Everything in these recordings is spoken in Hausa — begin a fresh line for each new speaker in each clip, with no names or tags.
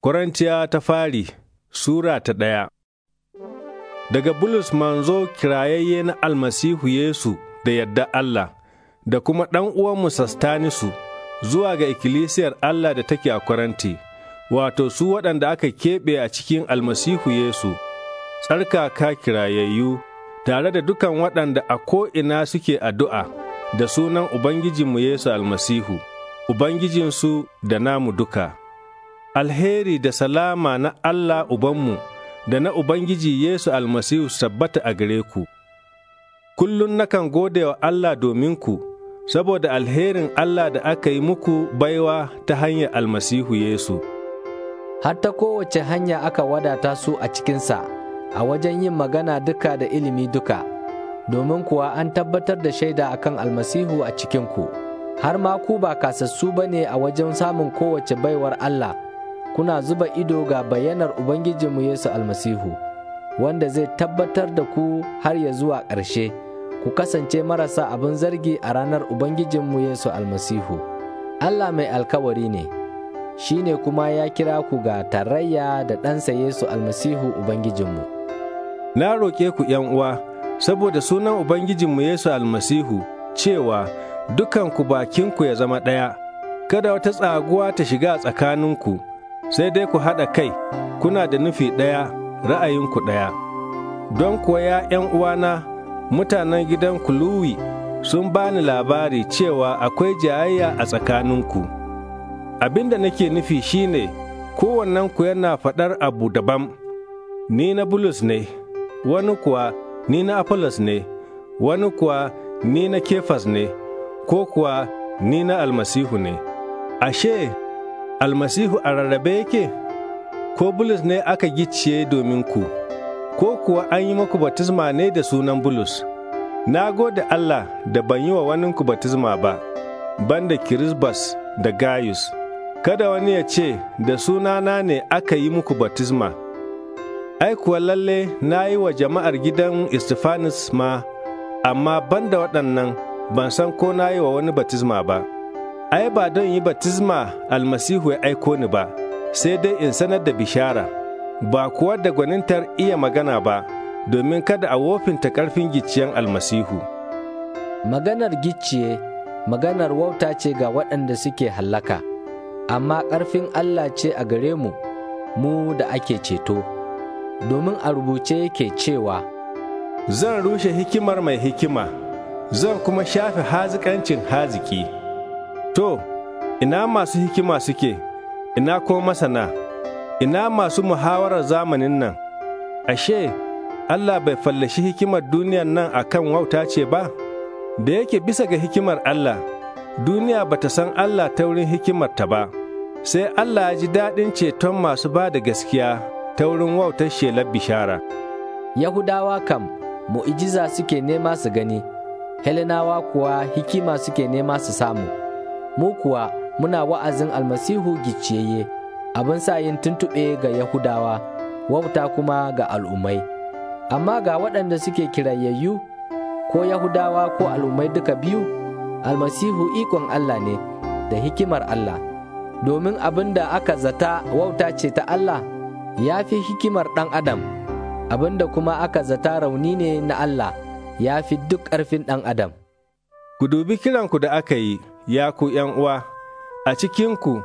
Korintiya ta fari Sura ta ɗaya Daga Bulus manzo kirayayye na almasihu Yesu da yadda Allah, da kuma ɗan uwanmu Sastanisu zuwa ga ikkilisiyar Allah da take a Korinti, wato su waɗanda aka keɓe a cikin almasihu Yesu, tsarkaka kirayayyu tare da dukan waɗanda a ko'ina suke addu'a da sunan Ubangijinmu Yesu almasihu, Ubangijinsu da namu duka. alheri da salama na Allah Ubanmu da na Ubangiji Yesu almasihu tabbata a gare ku. Kullum nakan gode wa Allah dominku, saboda alherin Allah da aka yi muku baiwa ta hanyar almasihu Yesu.
Har ta kowace hanya aka wadata su a cikinsa, a wajen yin magana duka da ilimi duka, domin kuwa an tabbatar da shaida akan almasihu a cikinku. Har ma ku ba kasassu ba ne a wajen samun kowace baiwar Allah. kuna zuba ido ga bayanar Ubangijinmu Yesu almasihu, wanda zai tabbatar da ku har ya zuwa ƙarshe, ku kasance marasa abin zargi a ranar Ubangijinmu Yesu almasihu. Allah mai alkawari ne, shi ne kuma ya kira ku ga tarayya da ɗansa Yesu almasihu Ubangijinmu. Na roƙe
ku uwa, saboda sunan Ubangijinmu Yesu almasihu, cewa dukanku bakinku ya zama ɗaya, kada wata tsaguwa ta shiga tsakaninku. sai dai ku haɗa kai, kuna da nufi ɗaya, ra'ayinku ɗaya. Don kuwa ya ’yan uwana, mutanen gidan Kuluwi sun ba ni labari cewa akwai jayayya a tsakaninku. Abin da nake nufi shine kowannenku yana faɗar abu daban, ni na Bulus ne, wani kuwa ni na Apollos ne, wani kuwa ni na Kefas ne, ko kuwa ni na Almasihu ne. Ashe, almasihu a rarrabe yake ko bulus ne aka gicciye domin ku ko kuwa an yi muku batisma ne da sunan bulus na gode allah da ban yi wa ku batisma ba banda kirisbas da gayus kada wani ya ce da sunana ne aka yi muku batisma ai kuwa lalle na yi wa jama'ar gidan istifanis ma amma banda waɗannan ban san ko na yi wa wani batisma ba. ai ba don yi batizma almasihu ya aiko ni ba, sai dai in sanar da bishara, ba kuwa da gwanintar iya magana ba, domin kada a wofinta ƙarfin gicciyen almasihu.
Maganar gicciye, maganar wauta ce ga waɗanda suke hallaka, amma ƙarfin Allah ce a gare mu, mu da ake ceto, domin a rubuce yake cewa,
Zan rushe hikimar mai hikima, zan kuma shafe hazikancin haziki. To, ina masu hikima suke, ina ko masana, ina masu muhawarar zamanin nan, ashe, Allah bai fallashi hikimar duniyan nan a kan wauta ce ba, da yake bisa ga hikimar Allah, duniya ba ta san Allah ta wurin ta ba, sai Allah ya ji daɗin ceton masu ba da gaskiya ta wurin wautar shelar bishara.
Yahudawa kam, mu'ijiza suke nema su gani, Helenawa kuwa hikima suke nema su samu. mu kuwa muna wa'azin almasihu gicciyayye abin sa yin tuntuɓe ga yahudawa wauta kuma ga al'ummai amma ga waɗanda suke kirayayyu ko yahudawa ko al'ummai duka biyu almasihu ikon allah ne da hikimar allah domin abin da aka zata wauta ce ta allah ya fi hikimar ɗan adam abin da kuma aka zata rauni ne na allah ya fi duk ƙarfin ɗan adam
ku dubi kiranku da aka yi ya ku uwa, a cikinku,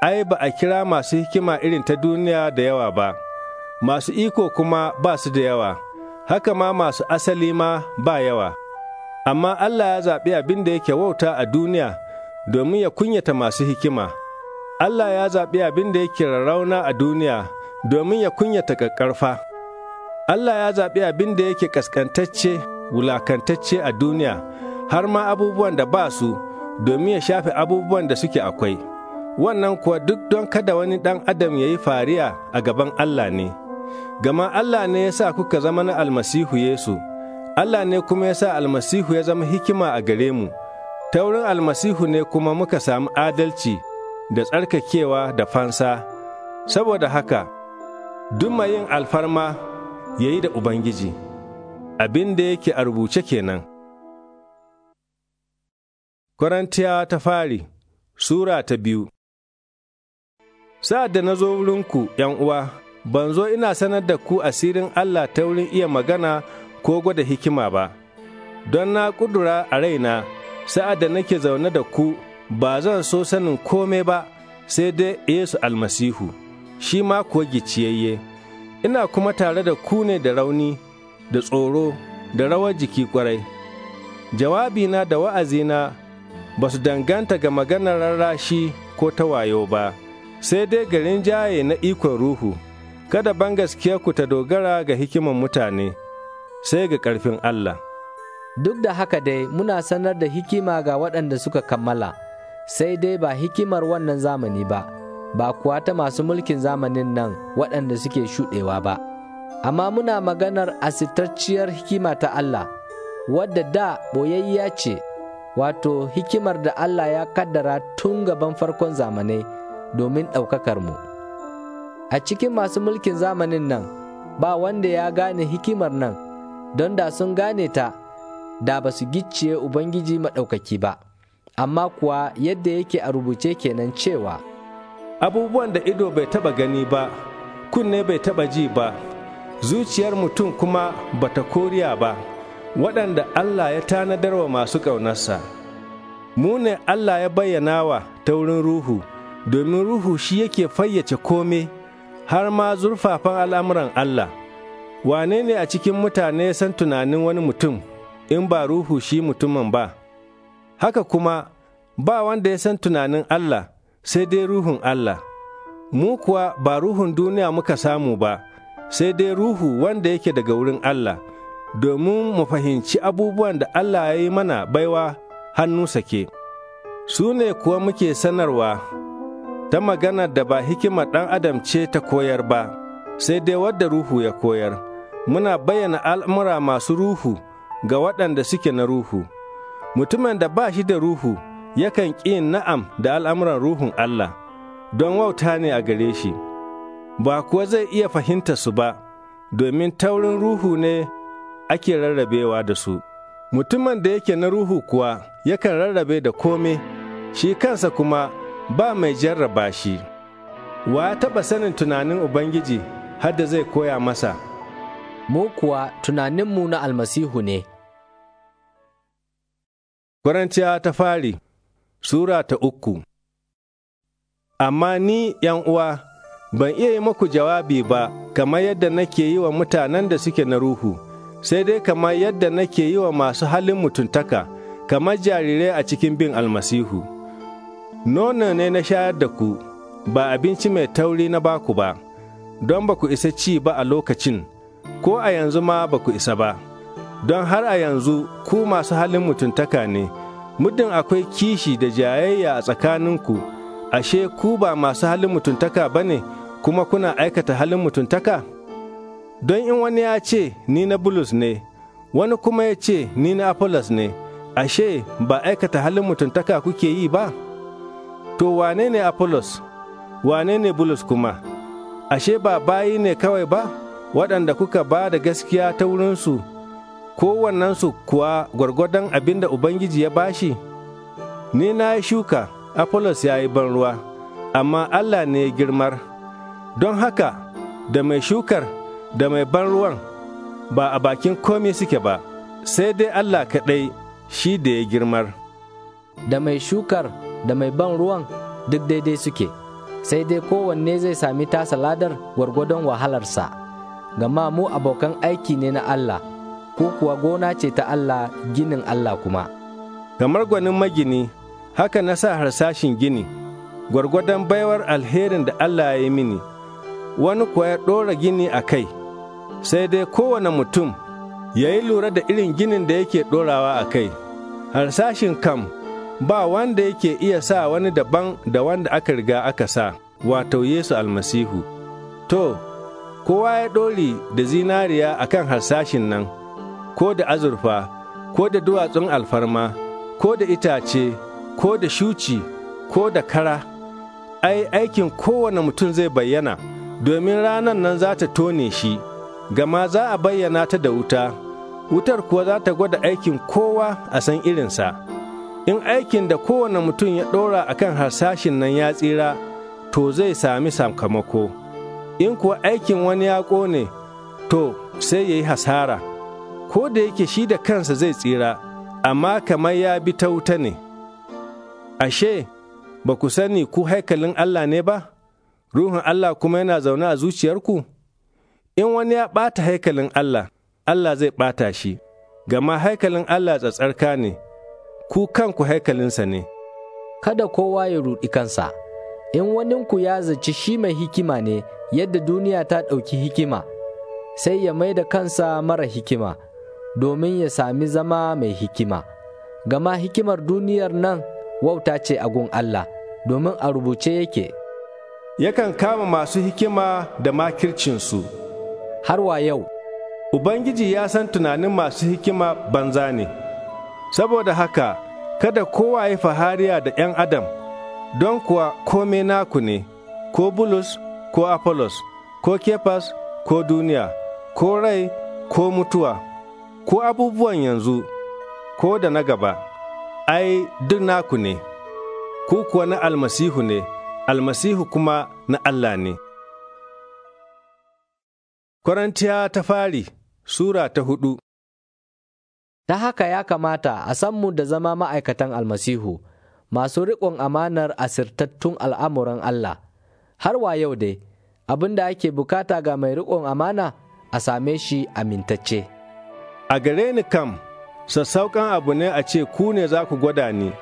ai, ba a kira masu hikima irin ta duniya da yawa ba, masu iko kuma ba su da yawa, haka ma masu asali ma ba yawa. Amma Allah ya zaɓi abin da yake wauta a duniya domin ya kunyata masu hikima. Allah ya zaɓi abin da yake rarrauna a duniya domin ya kunyata ƙaƙƙarfa. Allah ya zaɓi abin da yake ƙasƙantacce, wulakantacce a duniya, har ma abubuwan da ba su. domin ya shafe abubuwan da suke akwai wannan kuwa duk don kada wani ɗan adam ya yi fariya a gaban Allah ne gama Allah ne ya sa kuka zama na almasihu Yesu Allah ne kuma ya sa almasihu ya zama hikima a gare mu ta wurin almasihu ne kuma muka samu adalci da tsarkakewa da fansa saboda haka duk mai yin alfarma ya yi da Ubangiji abin da yake a rubuce kenan. Korintiya ta fari Sura ta biyu Sa'ad da na zo wurinku, uwa, ban zo ina sanar da ku asirin Allah ta wurin iya magana ko gwada hikima ba, don na ƙudura a raina, sa'ad da nake zaune da ku ba zan so sanin kome ba sai dai Yesu almasihu, shi ma kuwa giciyayye, ina kuma tare da ku ne da rauni, da tsoro, da rawar jiki ƙwarai. Jawabina da wa'azina ba su danganta ga maganar rarrashi ko ta wayo ba, sai dai garin jaye na ikon ruhu, kada ban ku ta dogara ga hikiman mutane,
sai ga ƙarfin Allah. Duk da haka dai muna sanar da hikima ga waɗanda suka kammala, sai dai ba hikimar wannan zamani ba, ba kuwa ta masu mulkin zamanin nan waɗanda suke shuɗewa ba. Amma muna maganar asitacciyar hikima ta Allah, wadda da ɓoyayya ce wato hikimar da Allah ya kaddara tun gaban farkon zamanai domin ɗaukakar mu. A cikin masu mulkin zamanin nan ba wanda ya gane hikimar nan don da sun gane ta da ba su gicciye Ubangiji maɗaukaki ba, amma kuwa yadda yake a rubuce kenan cewa. Abubuwan da ido bai taba
gani ba, kunne bai taba ji ba, zuciyar mutum kuma bata koriya ba. waɗanda Allah ya tanadar wa masu ƙaunarsa. Mu ne Allah ya bayyana wa ta wurin Ruhu, domin Ruhu shi yake fayyace kome har ma zurfafan al'amuran Allah. Wane ne a cikin mutane san tunanin wani mutum in ba Ruhu shi mutumin ba? Haka kuma ba wanda ya san tunanin Allah sai dai Ruhun Allah. Mu kuwa ba Ruhun duniya muka samu ba, sai dai Ruhu wanda yake daga wurin Allah. domin mu fahimci abubuwan da Allah ya yi mana baiwa hannu sake, su ne kuwa muke sanarwa ta magana da ba hikimar ɗan adam ce ta koyar ba, sai dai wadda ruhu ya koyar, muna bayyana al'amura masu ruhu ga waɗanda suke na ruhu. Mutumin da ba shi da ruhu yakan ƙi na'am da al'amuran ruhun Allah, don wauta ne a gare shi, ba kuwa zai iya fahimta su ba, domin taurin ruhu ne. ake rarrabewa da su. Mutumin da yake na ruhu kuwa yakan rarrabe da kome, shi kansa kuma ba mai jarraba shi. Wa ya taɓa sanin tunanin Ubangiji har zai koya masa. Mu kuwa tunaninmu na almasihu ne. Korintiya ta fari Sura ta uku Amma ni, ’yan uwa, ban iya yi muku jawabi ba, kamar yadda nake yi wa mutanen da suke na ruhu. sai dai kamar yadda nake yi wa masu halin mutuntaka, kamar jarirai a cikin bin almasihu. Nono ne na shayar da ku, ba abinci mai tauri na baku ba, don ba ku isa ci ba a lokacin, ko a yanzu ma ba ku isa ba. Don har a yanzu ku masu halin mutuntaka ne, muddin akwai kishi da jayayya a tsakaninku, ashe ku ba masu halin mutuntaka ba ne, kuma kuna aikata halin mutuntaka? Don in wani ya ce, Ni na Bulus ne, wani kuma ya ce, Ni na Apollos ne, ashe, ba aikata halin mutuntaka kuke yi ba? To, wane ne Apollos? Wane ne Bulus kuma? Ashe, ba bayi ne kawai ba, waɗanda kuka ba da gaskiya ta wurinsu, kowannensu kuwa gwargwadon abin da Ubangiji ya bashi? Ni na yi shuka, Apollos ya yi ban ruwa, amma Allah ne ya girmar. Don haka, da mai shukar da mai ban ruwan ba a bakin komi suke ba, sai dai Allah kaɗai shi da ya girmar.
Da mai shukar da mai ban ruwan duk daidai suke, sai dai kowanne zai sami tasa ladar gwargwadon wahalarsa, gama mu abokan aiki ne na Allah, ko kuwa gona ce ta Allah ginin Allah kuma. Kamar gwanin magini,
haka na sa harsashin gini, gwargwadon baiwar alherin da Allah ya yi mini, wani kuwa ya ɗora gini a kai. sai dai kowane mutum ya yi lura da irin ginin da yake ɗorawa a kai. Harsashin kam ba wanda yake iya sa wani daban da wanda aka riga aka sa, wato Yesu almasihu. To, kowa ya ɗori da zinariya a kan harsashin nan, ko da azurfa, ko da duwatsun alfarma, ko da itace, ko da shuci, ko da kara. Ai, aikin kowane mutum zai bayyana, domin ranan nan za ta tone shi. gama za a bayyana ta da wuta, wutar kuwa za ta gwada aikin kowa a san irinsa. In aikin da kowane mutum ya ɗora a kan harsashin nan ya tsira, to zai sami sakamako. In kuwa aikin wani ya ƙone, to sai ya yi hasara, ko da yake shi da kansa zai tsira, amma kamar ya bi ta wuta ne. Ashe, ba ku sani ku haikalin Allah ne ba, Ruhun Allah kuma yana zaune a zuciyarku? In wani ya ɓata haikalin Allah, Allah zai ɓata shi, gama haikalin Allah tsatsarka ne, ku kanku haikalinsa ne.
Kada kowa ya ruɗi kansa, in waninku ya zaci shi mai hikima ne yadda duniya ta ɗauki hikima, sai ya mai da kansa mara hikima, domin ya sami zama mai hikima. Gama hikimar duniyar nan wauta ce a gun Allah, domin a rubuce yake. Yakan kama masu hikima da makircinsu. har wa yau. Ubangiji ya san
tunanin masu hikima banza ne, saboda haka kada kowa ya fahariya da ‘yan Adam, don kuwa kome naku ne, ko Bulus, ko Apollos, ko Kefas, ko duniya, ko rai, ko mutuwa, ko abubuwan yanzu, ko da na gaba, ai, duk naku ne, ku kuwa na almasihu ne, almasihu kuma na Allah ne.
Korintiya ta fari Sura ta hudu Ta haka ya kamata a san mu da zama ma'aikatan almasihu, masu riƙon amanar asirtattun al'amuran Allah, har wa yau dai, abin da ake bukata ga mai riƙon amana a same shi amintacce.
A gare ni kam, sassauƙan abu ne a ce ku ne za ku gwada ni,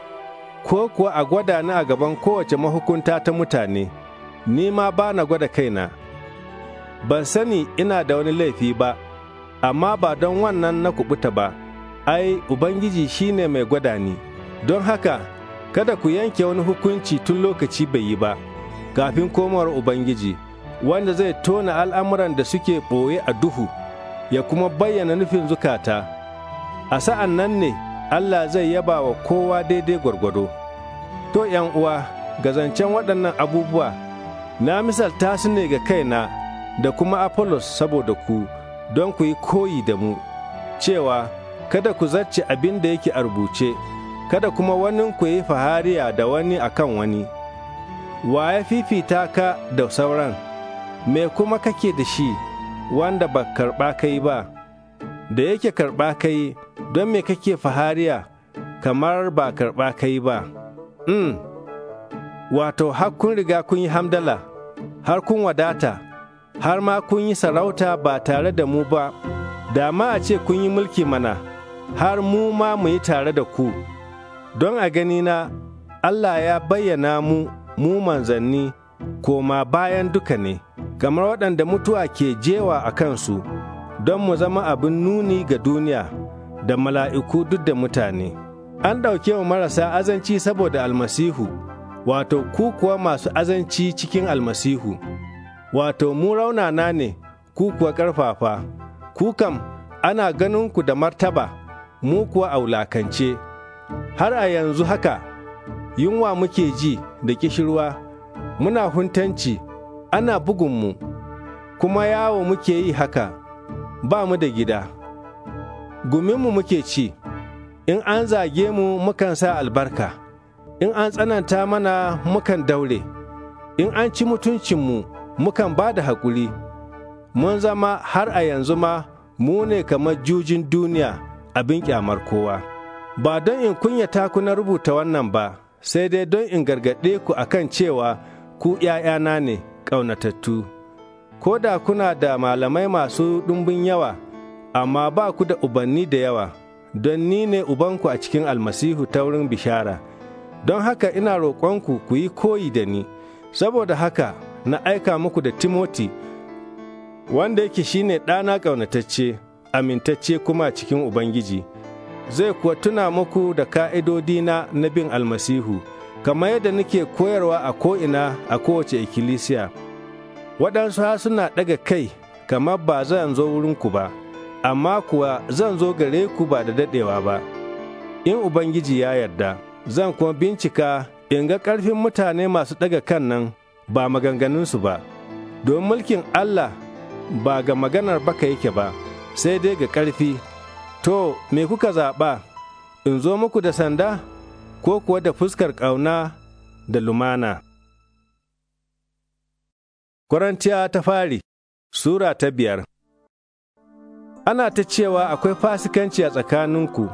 ko kuwa a gwada ni a gaban kowace mahukunta ta mutane, ni ma ba na gwada kaina. ban sani ina da wani laifi ba, amma ba don wannan na kubuta ba, ai, Ubangiji shi ne mai gwada ni, don haka kada ku yanke wani hukunci tun lokaci bai yi ba, kafin komawar Ubangiji, wanda zai tona al'amuran da suke ɓoye a duhu, ya kuma bayyana nufin zukata. A sa'an nan ne Allah zai yaba wa kowa daidai gwargwado. To, 'yan uwa, ga zancen waɗannan abubuwa, na misalta su ne ga kaina. da kuma Apollos saboda ku don ku yi koyi da mu, cewa kada ku zarce abin da yake a rubuce, kada kuma wani ku yi fahariya da wani akan wani. Wa ya fifita ka da sauran, me kuma kake da shi wanda ba karɓa kai ba, da yake karɓa kai don me kake fahariya kamar ba karɓa kai ba. Hmm. Wato, har kun riga kun yi hamdala, har kun wadata. har ma kun yi sarauta ba tare da mu ba, da ma a ce kun yi mulki mana, har mu ma mu yi tare da ku. Don a ganina, Allah ya bayyana mu, mu manzanni, koma bayan duka ne, kamar waɗanda mutuwa ke jewa a kansu, don mu zama abin nuni ga duniya, da mala'iku duk da mutane. An ɗauke wa marasa azanci saboda almasihu, wato ku kuwa masu azanci cikin almasihu. wato mu raunana ne ku kuwa ƙarfafa, ku kam ana ganin ku da martaba, mu kuwa a wulakance. Har a yanzu haka, yunwa muke ji da kishirwa, muna huntanci, ana bugunmu, kuma yawo muke yi haka, ba mu da gida. Guminmu muke ci, in an zage mu mukan sa albarka, in an tsananta mana mukan daure, in an ci mutuncinmu mu mukan ba da haƙuri, mun zama har a yanzu ma mu ne kamar jujin duniya abin kyamar kowa. Ba don in kunyata ku na rubuta wannan ba, sai dai don in gargaɗe ku a kan cewa ku ‘ya'yana ne ƙaunatattu. Ko da kuna da malamai masu ɗumbin yawa, amma ba ku da ubanni da yawa, don ni ne ubanku a cikin almasihu ta wurin bishara. Don haka ina roƙonku ku yi koyi da ni, saboda haka na aika muku da Timoti, wanda yake ne ɗana ƙaunatacce, amintacce kuma cikin Ubangiji, zai kuwa tuna muku da ka'idodina na bin almasihu, kamar yadda nake koyarwa a ko'ina a kowace ikkilisiya. Waɗansu ha suna ɗaga kai, kamar ba zan zo wurinku ba, amma kuwa zan zo gare ku ba da daɗewa ba. In Ubangiji ya yarda, zan kuma bincika in ga ƙarfin mutane masu ɗaga kan nan ba maganganunsu ba, don mulkin Allah ba ga maganar baka yake ba, sai dai ga ƙarfi, to, me kuka zaɓa, in zo muku da sanda, ko kuwa da fuskar ƙauna da lumana. kwarantiya ta fari Sura ta biyar Ana ta cewa akwai fasikanci a tsakaninku,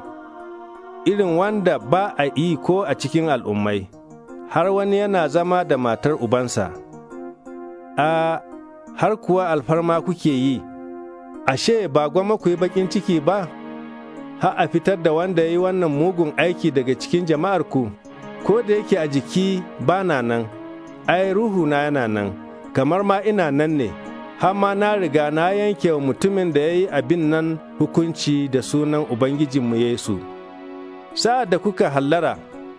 irin wanda ba a yi ko a cikin al'ummai. har wani yana zama da matar ubansa, a har kuwa alfarma kuke yi, ashe ba gwamma ku yi baƙin ciki ba, har a fitar da wanda ya yi wannan mugun aiki daga cikin jama'arku, ko da yake a jiki ba na nan, ai ruhu na yana nan, kamar ma ina nan ne, har ma na riga na yanke wa mutumin da ya yi abin nan hukunci da sunan Ubangijinmu Yesu. Sa'ad da kuka hallara,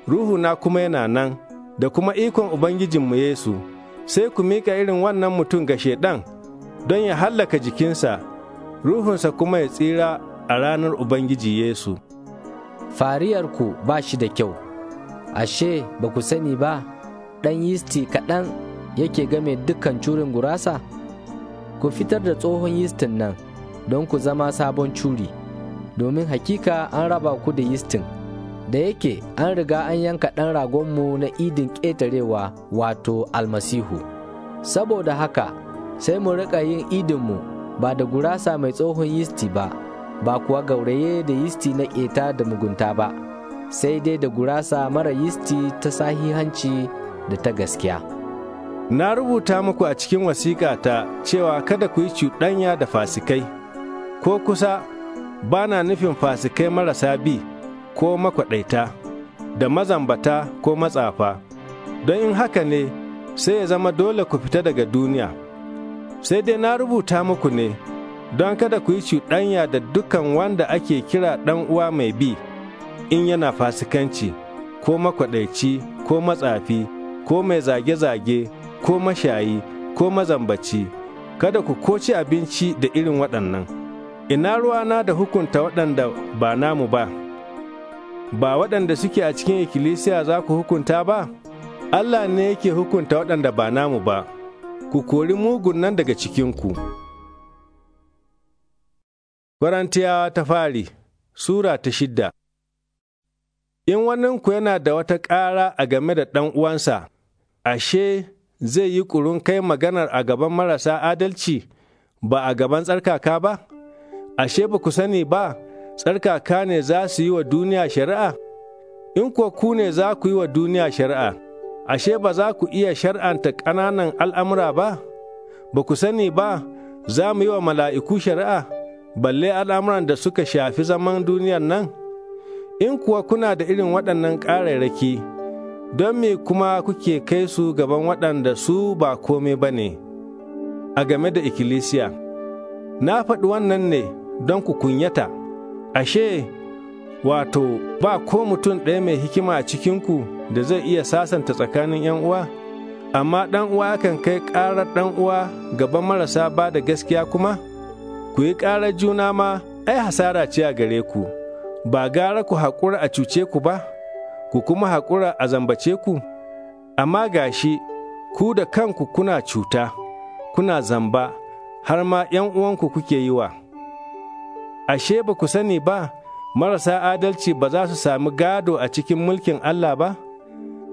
ruhu na kuma yana nan. da kuma ikon Ubangijinmu Yesu, sai ku miƙa irin wannan mutum ga Shaiɗan don ya hallaka jikinsa, ruhunsa kuma ya tsira a ranar
Ubangiji Yesu. Fariyarku ba shi da kyau, ashe ba ku sani ba, ɗan yisti kaɗan yake game dukkan curin gurasa? Ku fitar da tsohon yistin nan don ku zama sabon curi, domin hakika an raba ku da yistin. da yake an riga an yanka ɗan ragonmu na idin ƙetarewa wato almasihu saboda haka sai mu riƙa yin idinmu ba da gurasa mai tsohon yisti ba ba kuwa gauraye da yisti na ƙeta da mugunta ba sai dai da gurasa mara yisti ta sahihanci da ta gaskiya
na rubuta muku a cikin wasiƙa ta cewa kada ku yi cuɗanya da fasikai ko kusa ba na nufin fasikai marasa bi ko makwaɗaita da mazambata ko matsafa don in haka ne sai ya zama dole ku fita daga duniya sai dai na rubuta muku ne don kada ku yi cuɗanya da dukan wanda ake kira ɗan uwa mai bi in yana fasikanci ko makwaɗaici ko matsafi ko mai zage-zage ko mashayi ko mazambaci kada ku koci abinci da irin waɗannan ina ruwana da hukunta waɗanda ba namu ba ba waɗanda suke a cikin ikkilisiya za ku hukunta ba? Allah ne yake hukunta waɗanda ba namu ba, ku kori mugun nan daga cikinku. Korintiyawa ta fari Sura ta shidda In waninku yana da wata ƙara a game da ɗan uwansa, ashe zai yi ƙurun kai maganar a gaban marasa adalci ba a gaban tsarkaka ba? Ashe ba ku sani ba? tsarkaka ne za su yi wa duniya shari'a? In kuwa ku ne za ku yi wa duniya shari'a, ashe ba za ku iya shari'anta ƙananan al'amura ba? Ba ku sani ba, za mu yi wa mala'iku shari'a, balle al'amuran da suka shafi zaman duniyar nan? In kuwa kuna da irin waɗannan ƙarairaki, don me kuma kuke kai su gaban waɗanda su ba komai ba ne? A game da ikkilisiya, na faɗi wannan ne don ku kunyata. ashe, wato, ba ko mutum ɗaya mai hikima a cikinku da zai iya sasanta tsakanin ‘yan uwa, amma ɗan uwa kan kai ƙarar ɗan uwa gaban marasa ba da gaskiya kuma? Ku yi ƙarar juna ma, ai hasara ce a gare ku, ba gara ku haƙura a cuce ku ba, ku kuma haƙura a zambace ku, amma gashi, ku da kanku kuna cuta, kuna zamba, har ma ‘yan uwanku kuke yiwa? wa. ashe ba ku sani ba, marasa adalci ba za su sami gado a cikin mulkin Allah ba?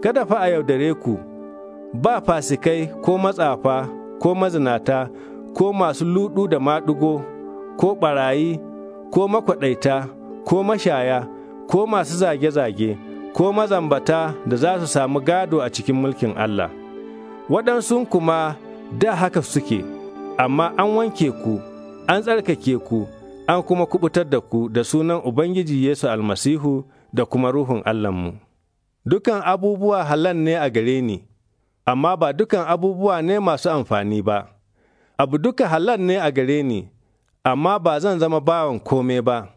Kada fa a yaudare ku, ba fasikai ko matsafa ko mazinata ko masu luɗu da maɗugo ko ɓarayi ko makwaɗaita ko mashaya ko masu zage-zage ko mazambata da za su sami gado a cikin mulkin Allah. Waɗansu kuma da haka suke, amma an wanke ku, an tsarkake ku. an kuma kubutar da ku da sunan Ubangiji Yesu almasihu da kuma Ruhun Allahnmu. Dukan abubuwa halan ne a gare ni, amma ba dukan abubuwa ne masu amfani ba, abu duka halan ne a gare ni, amma ba zan zama bawan kome ba.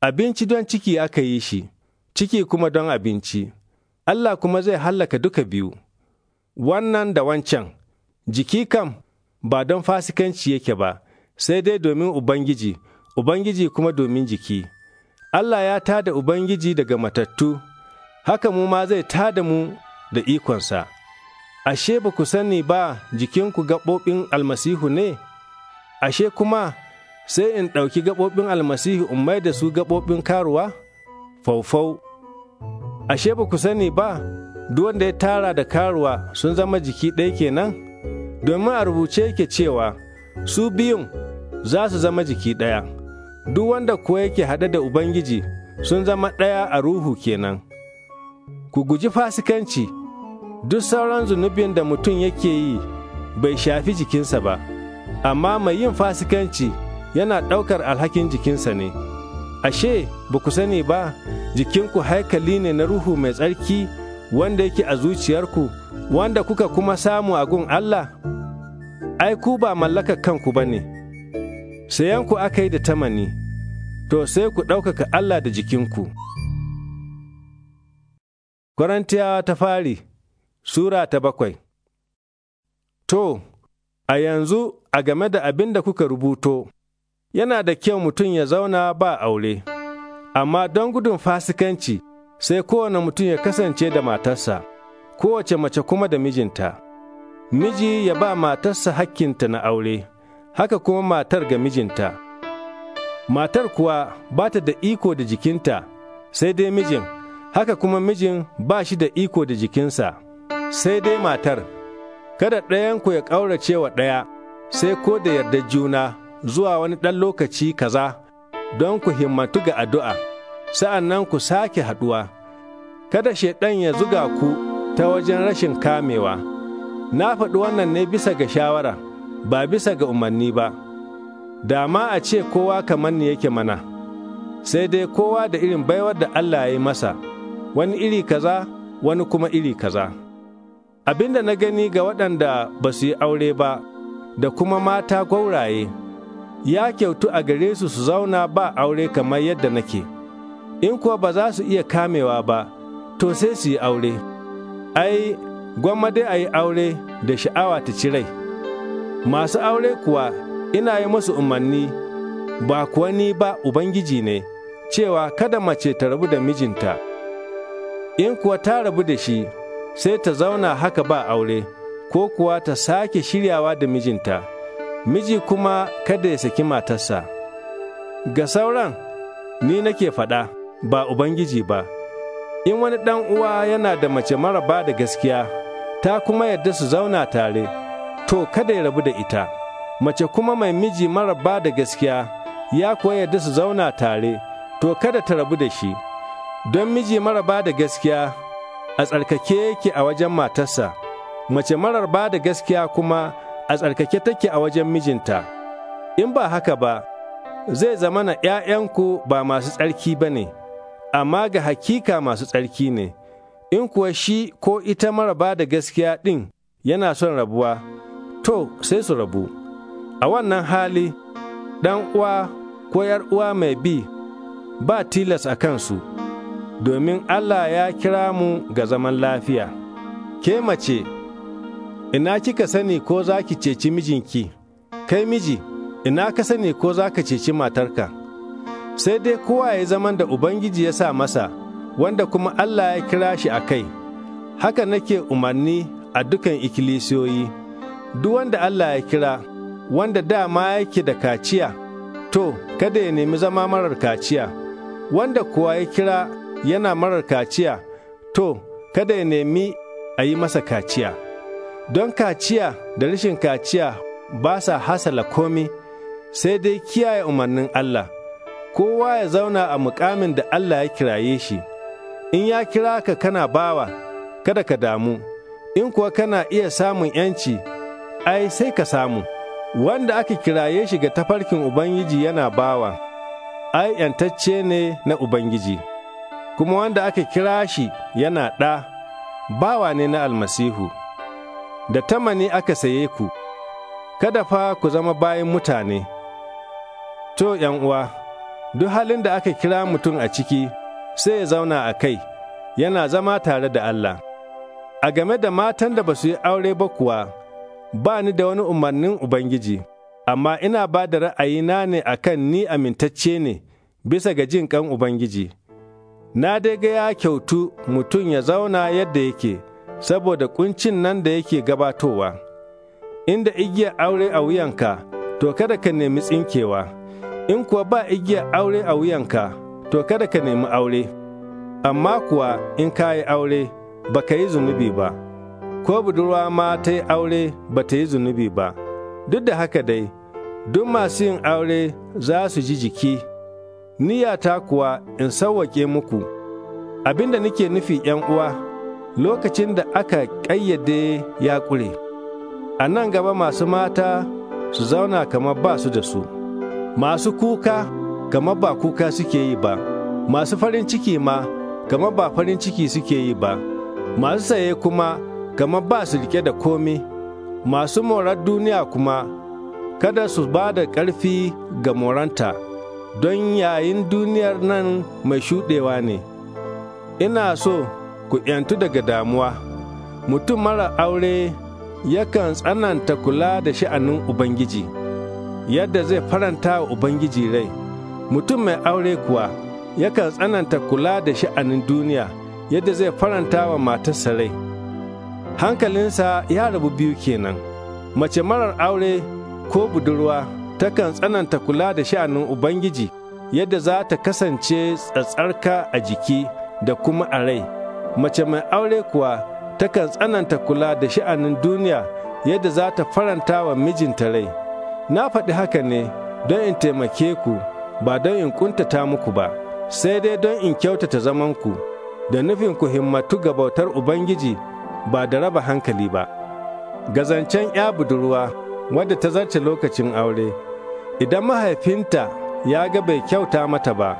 Abinci don ciki aka yi shi, ciki kuma don abinci, Allah kuma zai hallaka duka biyu, wannan da wancan, jiki kam ba don fasikanci yake ba, sai dai domin Ubangiji. Ubangiji kuma domin jiki. Allah ya tā da Ubangiji daga matattu, haka mu ma zai tā da mu da ikonsa. Ashe ba ku sani ba jikinku gaɓoɓin almasihu ne? Ashe kuma sai in ɗauki gaɓoɓin almasihu in mai da su gaɓoɓin karuwa? Faufau. Ashe ba ku sani ba, wanda ya tara da karuwa sun zama jiki ɗaya kenan? Domin a rubuce yake cewa, su biyun za su zama jiki ɗaya. duk wanda kuwa yake haɗe da Ubangiji sun zama ɗaya a ruhu kenan. Ku guji fasikanci, duk sauran zunubin da mutum yake yi bai shafi jikinsa ba, amma mai yin fasikanci yana ɗaukar alhakin jikinsa ne. Ashe, ba ku sani ba, jikinku haikali ne na ruhu mai tsarki wanda yake a zuciyarku, wanda kuka kuma samu a gun Allah? Ai, ku ba mallakar kanku ba ne. sayanku aka yi da tamani, to sai ku ɗaukaka Allah da jikinku. Korintiyawa ta fari Sura ta bakwai To, a yanzu a game da abin da kuka rubuto, yana da kyau mutum ya zauna ba aure, amma don gudun fasikanci sai kowane mutum ya kasance da matarsa, kowace mace kuma da mijinta, miji ya ba matarsa hakkinta na aure. haka kuma matar ga mijinta. Matar kuwa ba ta da iko da jikinta, sai dai mijin, haka kuma mijin ba shi da iko da jikinsa, sai dai matar. Kada ɗayanku ya ƙaurace wa ɗaya, sai ko da yardar juna zuwa wani ɗan lokaci kaza don ku himmatu ga addu'a, sa'an nan ku sake haɗuwa. Kada shaiɗan ya zuga ku ta wajen rashin kamewa. Na faɗi wannan ne bisa ga shawara. ba bisa ga umarni ba, da ma a ce kowa kamar ni yake mana, sai dai kowa da irin baiwar da Allah ya yi masa, wani iri kaza, wani kuma iri kaza. Abin da na gani ga waɗanda ba su yi aure ba, da kuma mata gwauraye, ya kyautu a gare su su zauna ba aure kamar yadda nake, in kuwa ba za su iya kamewa ba, to sai su yi aure. Ai, gwamma dai a yi aure da sha'awa ta ci rai. masu aure kuwa ina yi musu umarni ba kuwa ni ba Ubangiji ne, cewa kada mace ta rabu da mijinta, in kuwa ta rabu da shi sai ta zauna haka ba aure, ko kuwa ta sake shiryawa da mijinta, miji kuma kada ya saki matarsa. Ga sauran, ni nake faɗa, ba Ubangiji ba, in wani ɗan uwa yana da mace mara ba da gaskiya, ta kuma yadda su zauna tare. to kada ya rabu da ita mace kuma mai miji mara ba da gaskiya ya kuwa yarda su zauna tare to kada ta rabu da shi don miji mara ba da gaskiya a tsarkake yake a wajen matarsa mace marar ba da gaskiya kuma a tsarkake take a wajen mijinta in ba haka ba zai zama na ’ya'yanku ba masu tsarki ba ne amma ga hakika masu tsarki ne in kuwa shi ko ita mara ba da gaskiya ɗin yana son rabuwa to sai su rabu a wannan hali ɗan uwa ko uwa mai bi ba tilas a kansu domin Allah ya kira mu ga zaman lafiya ke mace ina kika sani ko za ki ceci mijinki kai miji ina ka sani ko za ka ceci matarka sai dai kowa ya zaman da ubangiji ya sa masa wanda kuma Allah ya kira shi a kai haka nake umarni a dukan ikkilisiyoyi. duk wanda Allah ya kira wanda dama yake da kaciya, to, kada ya nemi zama marar kaciya, wanda kuwa ya kira yana marar kaciya, to, kada ya nemi a yi masa kaciya. Don kaciya da rashin kaciya ba sa hasala komi, sai dai kiyaye umarnin Allah, kowa ya zauna a mukamin da Allah ya kiraye shi, in ya kira ka kana bawa, kada ka damu, in kuwa kana iya samun ‘yanci. ai sai ka samu, wanda aka kiraye shi ga tafarkin Ubangiji yana bawa, ai ‘yantacce ne na Ubangiji, kuma wanda aka kira shi yana ɗa, bawa ne na almasihu, da tamani aka saye ku, kada fa ku zama bayan mutane. To, uwa, duk halin da aka kira mutum a ciki, sai ya zauna a kai, yana zama tare da Allah. A game da matan da ba su yi aure ba kuwa, ba ni da wani umarnin Ubangiji, amma ina ba da ra'ayina ne a kan ni amintacce ne bisa ga jin ƙan Ubangiji. Na dai ga ya kyautu mutum ya zauna yadda yake, saboda ƙuncin nan da yake gabatowa. Inda igiyar aure a wuyanka, to kada ka nemi tsinkewa, in kuwa ba igiyar aure a wuyanka, to kada ka nemi aure. Amma kuwa in ka yi aure, ba ka yi zunubi ba. ko budurwa ma ta yi aure ba ta yi zunubi ba, duk da haka dai, duk masu yin aure za su ji jiki, niyata kuwa in sawwake muku, abin da nake nufi uwa lokacin da aka ƙayyade ya ƙure, a nan gaba masu mata su zauna kamar ba su da su, masu kuka kamar ba kuka suke yi ba, masu farin ciki ma kamar ba farin ciki suke yi ba, masu saye kuma. gama ba su rike da komi masu morar duniya kuma kada su ba da ƙarfi ga moranta don yayin duniyar nan mai shuɗewa ne ina so ku ‘yantu daga damuwa mutum mara aure yakan tsananta kula da sha'anin ubangiji yadda zai faranta wa ubangiji rai mutum mai aure kuwa yakan tsananta kula da sha'anin duniya yadda zai faranta wa matarsa rai hankalinsa ya rabu biyu kenan mace marar aure ko budurwa takan tsananta kula da sha'anin ubangiji yadda za ta kasance tsatsarka a jiki da kuma a rai mace mai aure kuwa takan tsananta kula da sha'anin duniya yadda za ta faranta wa mijinta rai na faɗi haka ne don in taimake ku ba don in kuntata muku ba sai dai don in kyautata zamanku da nufin ku himmatu ga bautar ubangiji ba da raba hankali ba gazancen ya budurwa wadda ta zarce lokacin aure idan mahaifinta ya ga bai kyauta mata ba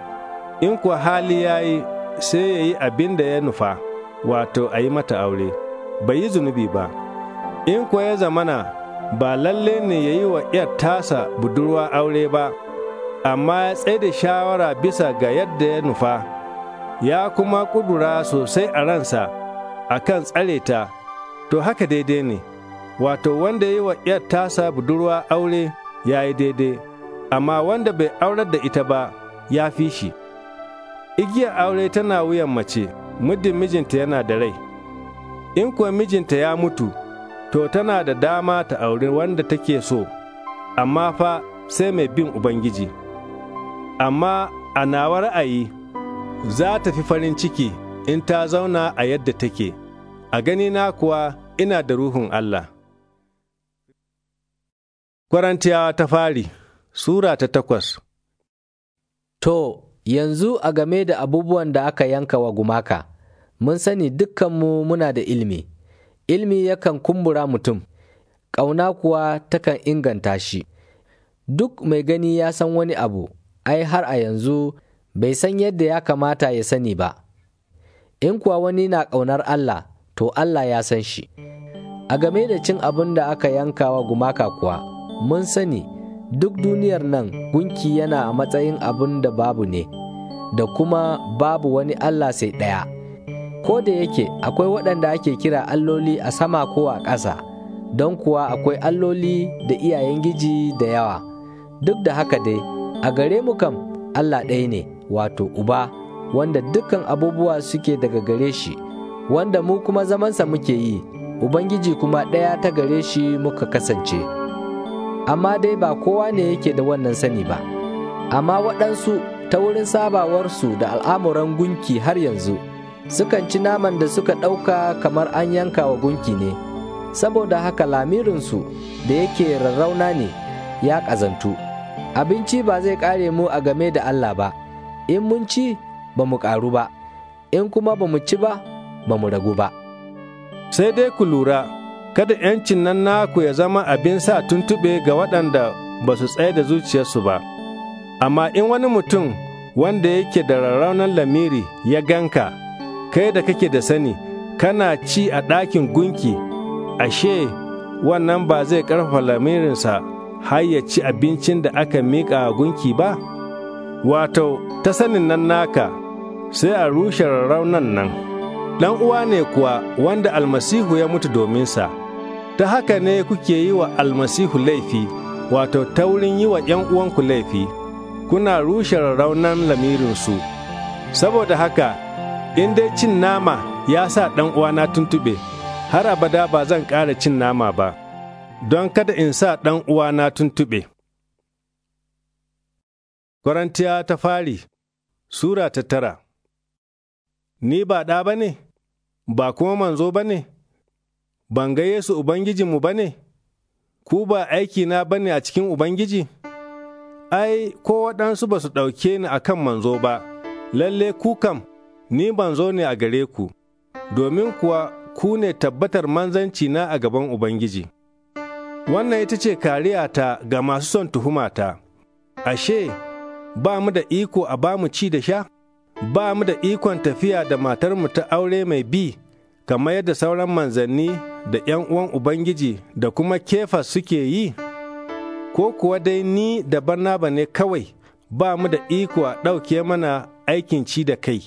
in kuwa hali ya yi sai ya yi abin da ya nufa wato a yi mata aure bai yi zunubi ba in kuwa ya zamana ba lalle ne ya yi wa ‘yar tasa budurwa aure ba amma ya tsaye da shawara bisa ga yadda ya nufa ya kuma ƙudura sosai a ransa a kan tsare ta, to haka daidai ne, wato wanda ya yi wa ‘yar tasa budurwa aure ya yi daidai, amma wanda bai aurar da ita ba ya fi shi. Igiyar aure tana wuyan mace, muddin mijinta yana da rai. In kuwa mijinta ya mutu, to tana da dama ta auri wanda take so, amma fa sai mai bin Ubangiji. Amma a nawa ra'ayi, za ta fi farin ciki in ta zauna a yadda take. a ganina kuwa ina da Ruhun Allah. Kwarantiyawa ta fari Sura ta takwas
To, yanzu a game da abubuwan da aka yanka wa gumaka, mun sani dukkanmu muna da ilmi, ilmi yakan kumbura mutum, ƙauna kuwa takan inganta shi. Duk mai gani ya san wani abu, ai har a yanzu bai san yadda ya kamata ya sani ba. In kuwa wani na ƙaunar Allah, to Allah ya san shi. A game da cin abin da aka yanka wa gumaka kuwa, mun sani duk duniyar nan gunki yana a matsayin abin da babu ne, da kuma babu wani Allah sai ɗaya. Ko da yake akwai waɗanda ake kira alloli a sama ko a ƙasa, don kuwa akwai alloli da iyayen giji da yawa. Duk da haka dai, a gare mu kam Allah ɗaya ne, wato Uba, wanda dukkan abubuwa suke daga gare shi. wanda mu kuma zamansa muke yi ubangiji kuma ɗaya ta gare shi muka kasance amma dai ba kowa ne yake da wannan sani ba amma waɗansu ta wurin sabawarsu da al'amuran gunki har yanzu sukan ci naman da suka ɗauka kamar an yanka wa gunki ne saboda haka lamirinsu da yake rarrauna ne ya ƙazantu abinci ba zai ƙare mu a game da Allah ba in mun ci ba mu ƙaru ba in kuma ba mu ci ba ba mu ragu ba.
Sai dai ku lura, kada ‘yancin nan naku ya zama abin sa tuntuɓe ga waɗanda ba su tsaye da zuciyarsu ba. Amma in wani mutum wanda yake da rarraunan lamiri ya ganka, kai da kake da sani, kana ci a ɗakin gunki, ashe wannan ba zai ƙarfafa lamirinsa har ya ci abincin da aka miƙa a gunki ba? Wato, ta sanin nan naka, sai a rushe rarraunan nan. ɗan uwa ne kuwa wanda almasihu ya mutu dominsa, ta haka ne kuke yi wa almasihu laifi, wato ta wurin yi wa ‘yan uwanku laifi, kuna rushe raunan lamirinsu. Saboda haka, in dai cin nama ya sa ɗan uwana tuntube, har abada ba zan ƙara cin nama ba, don kada in sa ɗan uwana tuntuɓe. Korintiya ta fari Sura ta tara Ni ba ɗa ba ne? ba kuma manzo ba ne? Ban ga Yesu Ubangijinmu ba ne? Ku ba aikina ba ne a cikin Ubangiji? Ai, ko waɗansu ba su ɗauke ni a kan manzo ba, lalle ku kam, ni manzo ne a gare ku, domin kuwa ku ne tabbatar manzanci na a gaban Ubangiji. Wannan ita ce kariya ta ga masu son tuhumata, ashe, ba mu da iko a ba mu ci da sha? ba mu da ikon tafiya da matarmu ta aure mai bi kamar yadda sauran manzanni da ‘yan uwan Ubangiji da kuma kefa suke yi, ko kuwa dai ni da ba ne kawai ba mu da iko a ɗauke mana aikin ci da kai.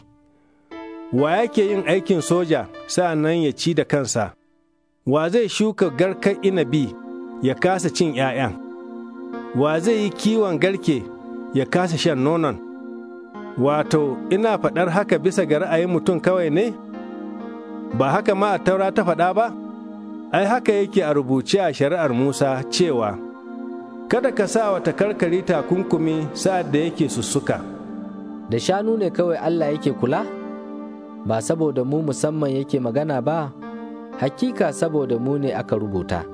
Wa yake yin aikin soja sa'annan nan ya ci da kansa, wa zai shuka garkar inabi ya kasa cin ‘ya'yan, wa zai yi kiwon garke ya kasa shan nonon. Wato, ina faɗar haka bisa ga ra'ayin mutum kawai ne? Ba haka ma a taura ta faɗa ba? Ai, haka yake a rubuce a shari'ar Musa cewa, Kada ka sa wata karkari takunkumi sa'ad da yake sussuka.
Da shanu ne kawai Allah yake kula? Ba saboda mu musamman yake magana ba, hakika saboda mu ne aka rubuta.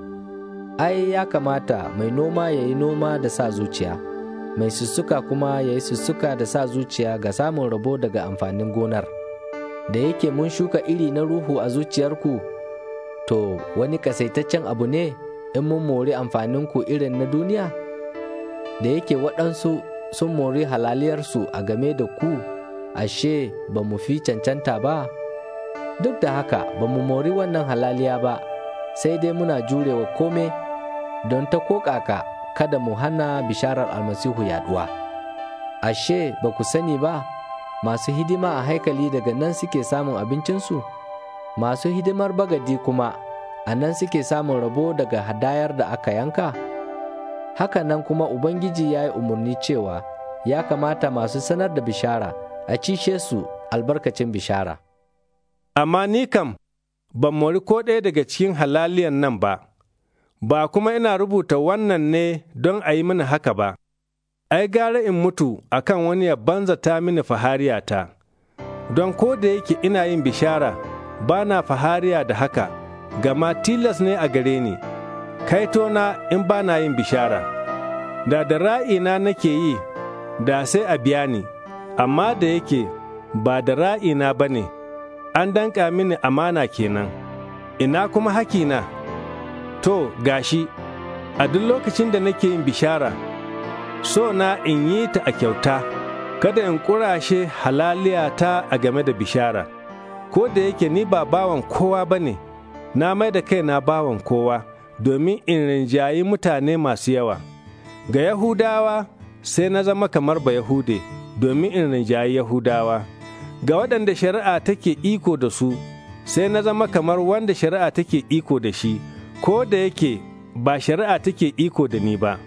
Ai, ya kamata mai noma ya yi noma da sa zuciya. mai sussuka kuma ya yi sussuka da sa zuciya ga samun rabo daga amfanin gonar da yake mun shuka iri na ruhu a zuciyarku to wani kasaitaccen abu ne in mun mori amfaninku irin na duniya da yake waɗansu sun mori halaliyarsu a game da ku ashe ba mu fi cancanta ba duk da haka ba mu mori wannan halaliya ba sai dai muna jurewa kome don ta kaka kada mu hana bisharar almasihu yaduwa ashe ba ku sani ba masu hidima a haikali daga nan suke samun abincinsu masu hidimar bagadi kuma a nan suke samun rabo daga hadayar da aka yanka haka nan kuma ubangiji ya yi umarni cewa ya kamata masu sanar da bishara a cishe su albarkacin bishara
amma ni kam ban mori ko ɗaya daga cikin halaliyan nan ba ba kuma ina rubuta wannan ne don a yi mini haka ba, ai gara in mutu akan wani ya banzata mini fahariya ta. don ko da yake ina yin bishara ba na fahariya da haka, gama tilas ne a gare ni, kaitona in ba na yin bishara, da da ra'ina nake yi, da sai a biya ni, amma da yake ba da ra'ina ba ne, an danka mini amana kenan, ina kuma hakina. To, gashi, a duk lokacin da nake yin bishara, so na in yi ta a kyauta, kada in ƙurashe halaliyata a game da bishara, ko da yake ni ba bawan kowa ba ne, na mai da kai na bawan kowa, domin in rinjayi mutane masu yawa. Ga Yahudawa sai na zama kamar ba Yahude, domin in rinjayi Yahudawa. Ga waɗanda shari'a take iko da su, sai na zama kamar wanda shari'a take iko da shi. ko da yake ba shari'a take iko da ni ba,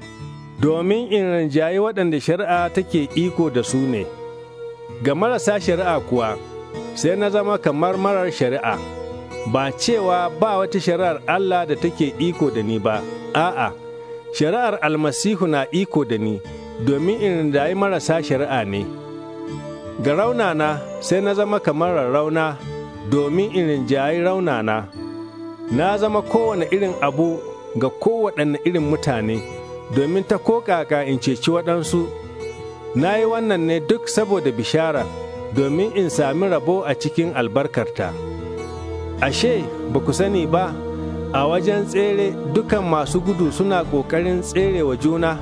domin in rinjaye waɗanda shari'a take iko da su ne. Ga marasa shari'a kuwa, sai na zama kamar marar shari'a, ba cewa ba wata shari'ar Allah da take iko da ni ba, a'a, shari'ar almasihu na iko da ni, domin in rinjaye marasa shari'a ne. Ga raunana sai na zama kamar rauna domin in rinjaye raunana. na zama kowane irin abu ga kowaɗanne irin mutane domin ta ko kaka in ceci waɗansu na yi wannan ne duk saboda bishara domin in sami rabo a cikin albarkarta ashe ba ku sani ba a wajen tsere dukan masu gudu suna ƙoƙarin tsere wa juna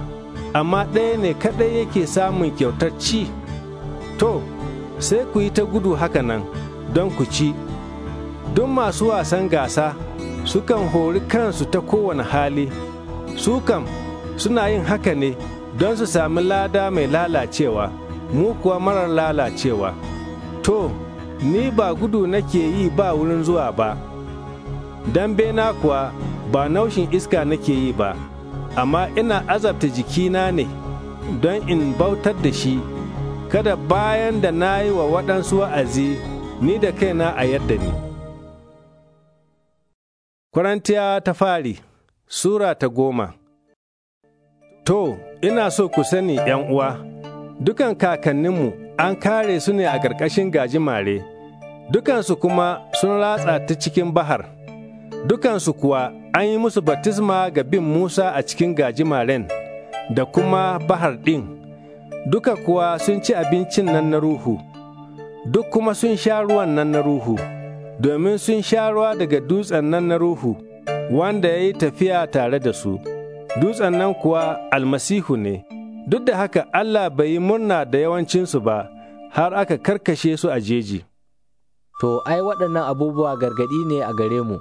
amma ɗaya ne kaɗai yake samun kyautar ci to sai ku yi ta gudu haka nan don ku ci duk masu wasan gasa sukan hori kansu ta kowane hali sukan suna yin haka ne don su sami lada mai lalacewa mu kuwa marar lalacewa to ni ba gudu nake yi ba wurin zuwa ba dambe na kuwa ba naushin iska nake yi ba amma ina azabta jikina ne don in bautar da shi kada bayan da na yi wa waɗansu wa'azi ni da kaina a yadda ni. Korintiya ta fari Sura ta goma To, ina so ku sani 'yan uwa, dukan kakanninmu an kare su ne a ƙarƙashin gajimare, dukansu kuma sun ratsa ta cikin bahar, dukansu kuwa an yi musu batisma ga bin Musa a cikin gajimaren da kuma bahar ɗin, duka kuwa sun ci abincin nan na ruhu, duk kuma sun sha ruwan nan na ruhu. domin sun sha ruwa daga dutsen nan na Ruhu, wanda ya yi tafiya tare da su, dutsen nan kuwa almasihu ne, duk da haka Allah bai yi murna da yawancinsu ba, har aka
karkashe su a jeji. To, ai waɗannan abubuwa gargaɗi ne a gare mu,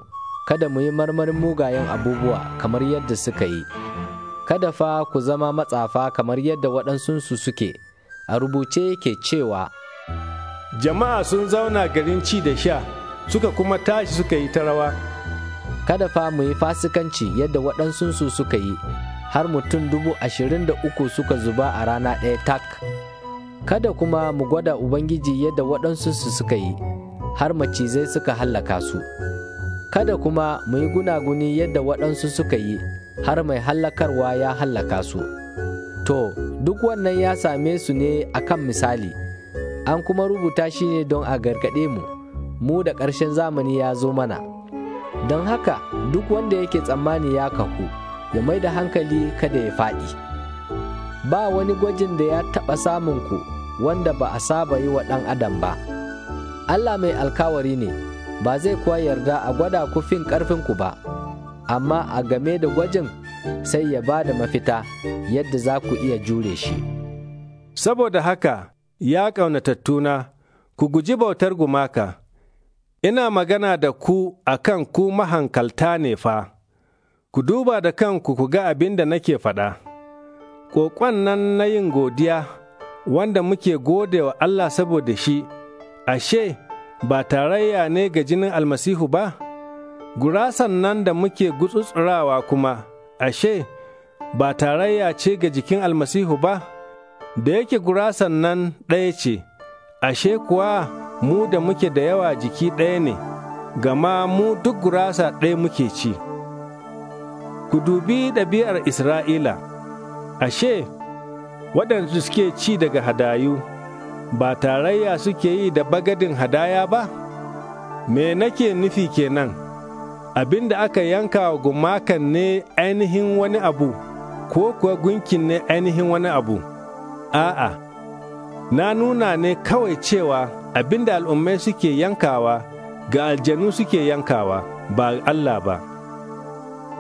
kada mu yi marmarin mugayen abubuwa kamar yadda suka yi, kada fa ku zama matsafa kamar yadda waɗansunsu suke, a rubuce yake cewa. Jama'a sun zauna garin ci da sha. suka kuma tashi suka yi ta rawa kada fa mu yi fasikanci yadda waɗansunsu suka yi har mutum dubu ashirin da uku suka zuba a rana ɗaya tak kada kuma mu gwada ubangiji yadda waɗansunsu suka yi har macizai suka hallaka su kada kuma mu yi gunaguni yadda waɗansu suka yi har mai hallakarwa ya hallaka su to duk wannan ya same su ne akan misali an kuma rubuta shi ne don a gargaɗe mu mu da ƙarshen zamani ya zo mana don haka duk wanda yake tsammani ya kahu ya mai da hankali kada ya faɗi ba wani gwajin da ya taɓa samun ku wanda ba a saba yi wa ɗan adam ba allah mai alkawari ne ba zai kuwa yarda a gwada ku fin ƙarfinku ba amma a game da gwajin sai ya ba da mafita yadda za ku iya jure shi saboda haka ya ƙaunatattuna
ku guji bautar gumaka Ina magana da ku a kan ku mahankalta ne fa, ku duba da kanku ku ga abin da nake faɗa. Ƙoƙon nan na yin godiya wanda muke gode wa Allah saboda shi, ashe, ba tarayya ne ga jinin almasihu ba? Gurasan nan da muke gutsutsurawa kuma, ashe, ba tarayya ce ga jikin almasihu ba? Da yake gurasan nan ɗaya ce, ashe kuwa. mu da muke da yawa jiki ɗaya ne, gama mu duk gurasa ɗaya muke ci. Ku dubi ɗabi'ar Isra'ila, ashe, waɗanda suke ci daga hadayu, ba tarayya suke yi da bagadin hadaya ba? Me nake nufi kenan, abin da aka yanka wa gumakan ne ainihin wani abu, ko kuwa gunkin ne ainihin wani abu? A'a, na nuna ne kawai cewa. Abin da al'ummai suke yankawa ga aljanu suke yankawa ba Allah ba.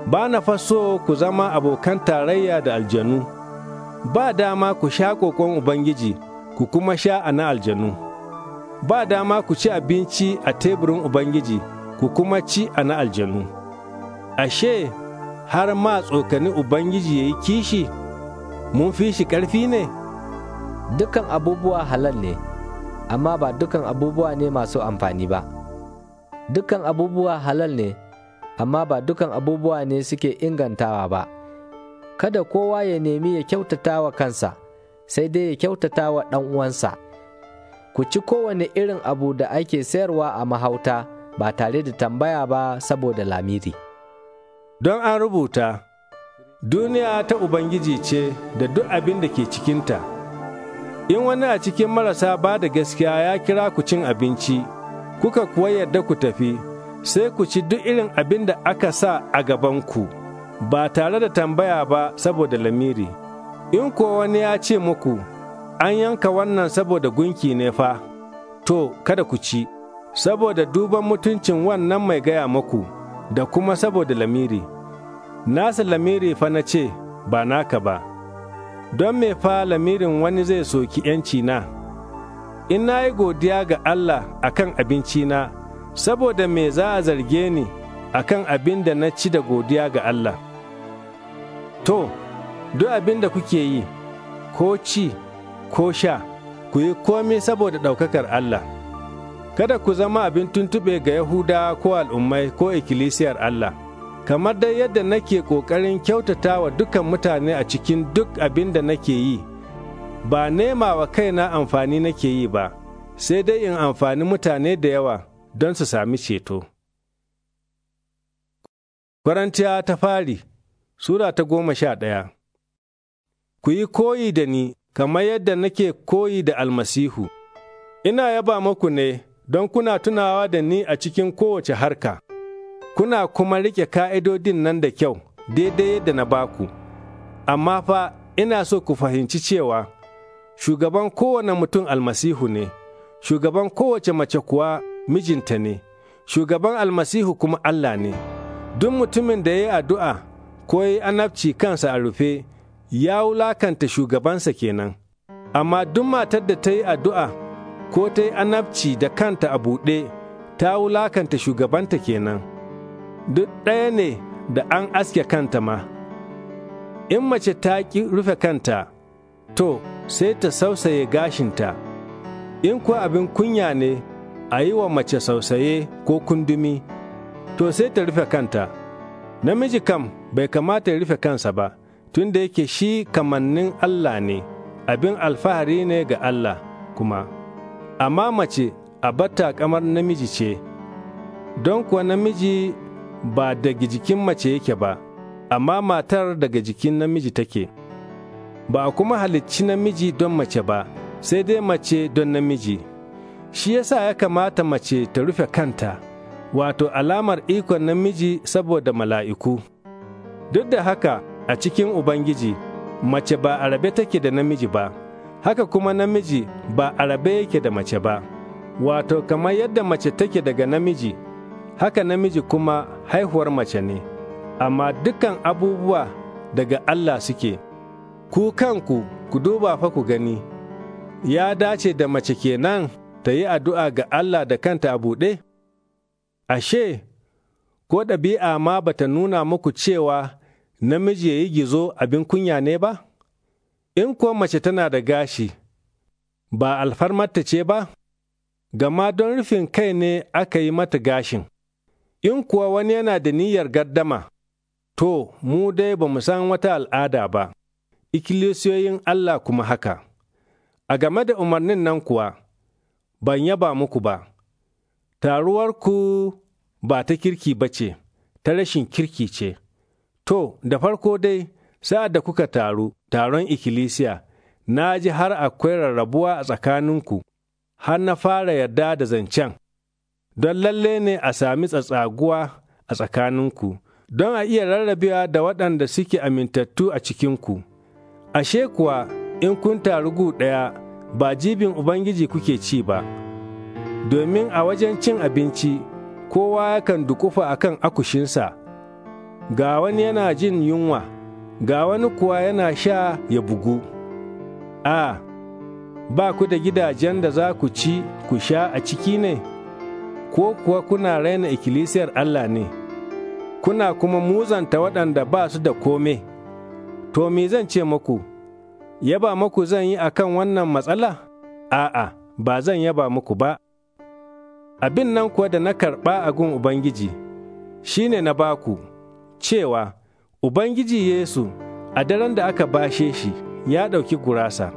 Ba na faso ku zama abokan tarayya da aljanu, ba dama ku sha ƙoƙon Ubangiji ku kuma sha a na aljanu, ba dama ku ci abinci a teburin Ubangiji ku kuma ci a na aljanu. Ashe, har ma tsokani Ubangiji ya yi kishi,
mun fi shi ƙarfi ne? Dukan abubuwa halal ne. amma ba dukan abubuwa ne masu amfani ba dukan abubuwa halal ne amma ba dukan abubuwa ne suke ingantawa ba kada kowa ya nemi ya kyautata wa kansa sai dai ya kyautata wa ɗan uwansa ku ci kowane irin abu da ake sayarwa a mahauta ba tare da tambaya ba saboda lamiri
don an rubuta duniya ta ubangiji ce da duk abin da ke cikinta In wani a cikin marasa ba da gaskiya ya kira ku cin abinci, kuka kuwa yarda ku tafi, sai ku ci duk irin abin da aka sa a gabanku, ba tare da tambaya ba saboda lamiri. In kuwa wani ya ce muku, an yanka wannan saboda gunki ne fa, to, kada ku ci, saboda duban mutuncin wannan mai gaya muku, da kuma saboda lamiri. Nasa lamiri fa na ce, ba naka ba. don me fa lamirin wani zai soki ‘yanci na, in na yi godiya ga Allah a kan na saboda me za a zarge ni a kan abin da na ci da godiya ga Allah. To, duk abin da kuke yi, ko ci, ko sha, ku yi komi saboda ɗaukakar Allah. Kada ku zama abin tuntuɓe ga Yahuda ko al'ummai ko ikkilisiyar Allah. kamar dai yadda nake ƙoƙarin kyautata wa dukan mutane a cikin duk abin da nake yi, ba nema wa kaina amfani nake yi ba, sai dai in amfani mutane da yawa don su sami ceto. Kwarantiya ta fari Sura ta goma sha ɗaya Ku yi koyi da ni kamar yadda nake koyi da almasihu, ina yaba muku ne don kuna tunawa da ni a cikin kowace harka. kuna kuma rike ka'idodin nan da kyau daidai yadda na baku, amma fa ina so ku fahimci cewa shugaban kowane mutum almasihu ne, shugaban kowace mace kuwa mijinta ne, shugaban almasihu kuma Allah ne. Duk mutumin da ya yi addu'a ko ya yi anabci kansa a rufe, ya wulakanta shugabansa kenan. Amma duk matar da ta yi addu'a ko ta yi anabci da kanta a buɗe, ta wulakanta shugabanta kenan. duk ɗaya ne da an aske kanta ma. In mace ta ƙi rufe kanta, to, sai ta sausaye gashinta, in kuwa abin kunya ne a yi wa mace sausaye ko kundumi, to sai ta rufe kanta. Namiji kam bai kamata ya rufe kansa ba, tun da yake shi kamannin Allah ne, abin alfahari ne ga Allah kuma. Amma mace a bata kamar namiji ce, don kuwa namiji ba daga jikin mace yake ba, amma matar daga jikin namiji take. Ba kuma halicci namiji don mace ba, sai dai mace don namiji. Shi yasa ya kamata mace ta rufe kanta, wato alamar ikon namiji saboda mala'iku. Duk da haka a cikin Ubangiji, mace ba a rabe take da namiji ba, haka kuma namiji ba a rabe yake da mace ba, wato kamar yadda mace take daga namiji. haka namiji kuma haihuwar mace ne, amma dukan abubuwa daga Allah suke, ku kanku ku duba fa ku gani, ya dace da mace kenan ta yi addu'a ga Allah da kanta a buɗe? Ashe, ko ɗabi'a ma ba ta nuna muku cewa namiji ya yi gizo abin kunya ne ba? In ko mace tana da gashi, ba alfarmarta ce ba? Gama don rufin kai ne aka yi mata gashin. In kuwa wani yana da niyyar gardama, to, mu dai ba mu san wata al'ada ba, Ikilisiyoyin Allah kuma haka. A game da umarnin nan kuwa, ban yaba muku ba, taruwarku ba ta kirki ba ce, ta rashin kirki ce. To, da farko dai, sa'ad da kuka taru, taron Ikilisiya, na ji har akwai rarrabuwa a tsakaninku, har na fara yarda da zancen. don lalle ne a sami tsatsaguwa a tsakaninku, don a iya rarrabewa da waɗanda suke amintattu a cikinku. Ashe kuwa in kun taru gu ɗaya ba jibin Ubangiji kuke ci ba, domin a wajen cin abinci kowa yakan dukufa kan akushinsa, ga wani yana jin yunwa, ga wani kuwa yana sha ya bugu. A, ba ku da gidajen da za ku ci ku sha a ciki ne? ko kuwa kuna raina ikkilisiyar Allah ne, kuna kuma muzanta waɗanda ba su da kome. To me zan ce muku, yaba maku zan yi a kan wannan matsala? A'a, ba zan yaba muku ba. Abin nan kuwa da na karɓa a gun Ubangiji, shi ne na baku, cewa Ubangiji Yesu a daren da aka bashe shi ya ɗauki gurasa,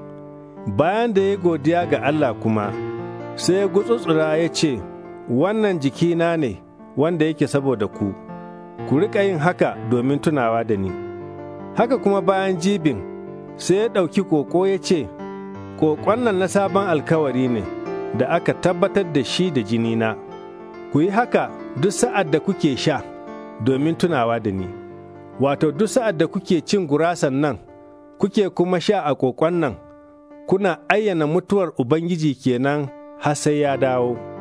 bayan da ya godiya ga Allah kuma, sai ya gutsutsura ya ce, wannan jikina ne wanda yake saboda ku, ku riƙa yin haka domin tunawa da ni. Haka kuma bayan jibin, sai ya ɗauki ƙoƙo ya ce, Ƙoƙon nan na sabon alkawari ne da aka tabbatar da shi da jinina, ku yi haka duk sa'ad da kuke sha domin tunawa da ni. Wato, duk sa'ad da kuke cin gurasan nan, kuke kuma sha a ƙoƙon nan, kuna ayyana mutuwar Ubangiji kenan har sai ya dawo.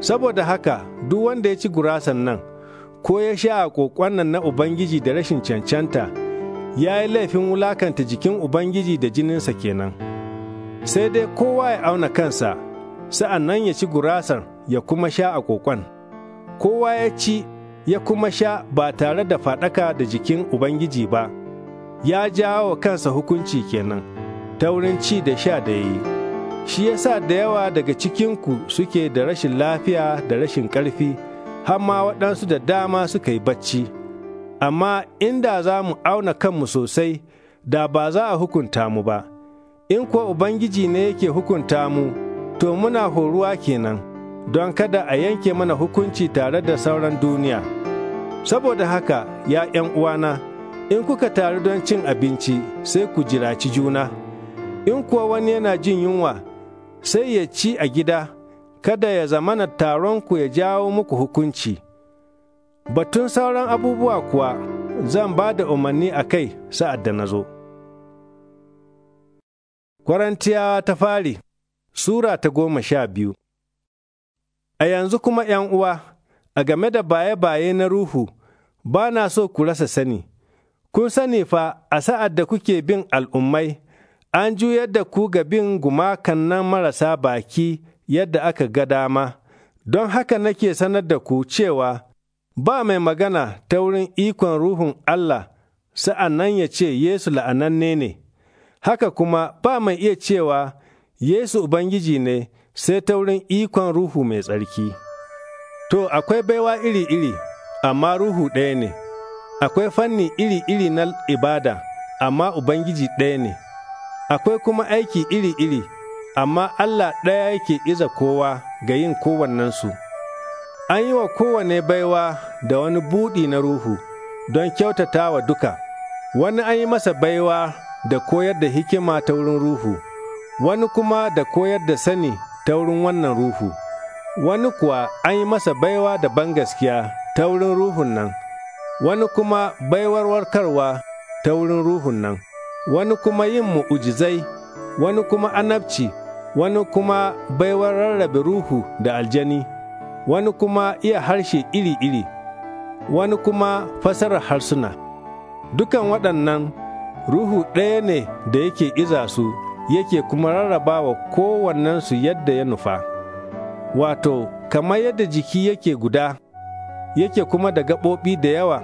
Saboda haka, duk wanda ya ci gurasan nan, ko ya sha a kokon nan na Ubangiji da rashin cancanta, ya yi laifin wulakanta jikin Ubangiji da jininsa kenan. Sai dai kowa ya auna kansa, sa'an nan ya ci gurasan ya kuma sha a kokon. Kowa ya ci ya kuma sha ba tare da faɗaka da jikin Ubangiji ba, ya jawo kansa hukunci kenan, ta wurin ci da sha da ya yi. shi ya sa da yawa daga cikinku suke da rashin lafiya da rashin ƙarfi, har ma waɗansu da dama suka yi bacci. Amma inda za mu auna kanmu sosai, da ba za a hukunta mu ba, in kuwa Ubangiji ne yake hukunta mu, to muna horuwa kenan, don kada a yanke mana hukunci tare da sauran duniya. Saboda haka, ya ’yan uwana, in kuka taru don cin abinci, sai ku jiraci juna, in kuwa wani yana jin yunwa. sai ya ci a gida, kada ya zamana taronku ya jawo muku hukunci. Batun sauran abubuwa kuwa zan ba da umarni a kai sa'ad da na zo. Kwarantiyawa ta fari Sura ta goma sha biyu A yanzu kuma ’yan uwa, a game da baye-baye na Ruhu, ba na so ku rasa sani, kun sani fa a sa'ad da kuke bin al'ummai. an juyar da ku ga bin gumakan nan marasa baki yadda aka ga dama, don haka nake sanar da ku cewa ba mai magana ta wurin ikon Ruhun Allah sa'an nan ya ce Yesu la'ananne ne, haka kuma ba mai iya cewa Yesu Ubangiji ne sai ta wurin ikon Ruhu mai tsarki. To, akwai baiwa iri-iri, amma Ruhu ɗaya ne, akwai fanni iri-iri na ibada, amma Ubangiji ɗaya ne. Akwai kuma aiki iri-iri, amma Allah ɗaya yake iza kowa ga yin kowannensu. An yi wa kowane baiwa da wani buɗi na ruhu don kyautata wa duka, wani an yi masa baiwa da koyar da hikima ta wurin ruhu, wani kuma da koyar da sani ta wurin wannan ruhu, wani kuwa an yi masa baiwa da bangaskiya ta wurin ruhun nan, wani kuma baiwar warkarwa ta wurin ruhun nan. wani kuma yin mu'ujizai, wani kuma anabci, wani kuma baiwar rarrabe ruhu da aljani, wani kuma iya harshe iri-iri, wani kuma fasarar harsuna. Dukan waɗannan ruhu ɗaya ne da yake iza su yake kuma rarraba wa kowannensu yadda ya nufa. Wato, kamar yadda jiki yake guda, yake kuma da gaɓoɓi da yawa,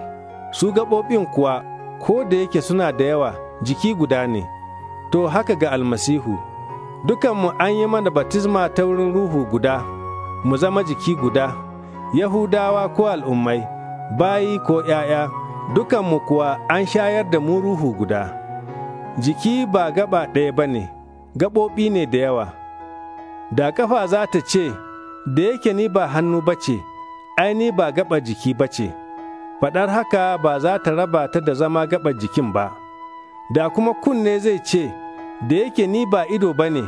su gaɓoɓin kuwa ko da yake suna da yawa. jiki guda ne, to haka ga almasihu, dukanmu an yi mana batizma ta wurin ruhu guda, mu zama jiki guda, Yahudawa ko al'ummai, bayi ko ‘ya'ya, dukanmu kuwa an shayar da mu ruhu guda. Jiki ba gaba ɗaya ba ne, gaɓoɓi ne da yawa. Da ƙafa za ta ce, da yake ni ba hannu ba ce, aini ba gaba jiki ba ce, faɗar haka ba za ta raba ta da zama gaba jikin ba. da kuma kunne zai ce, Da yake ni ba ido ba ne,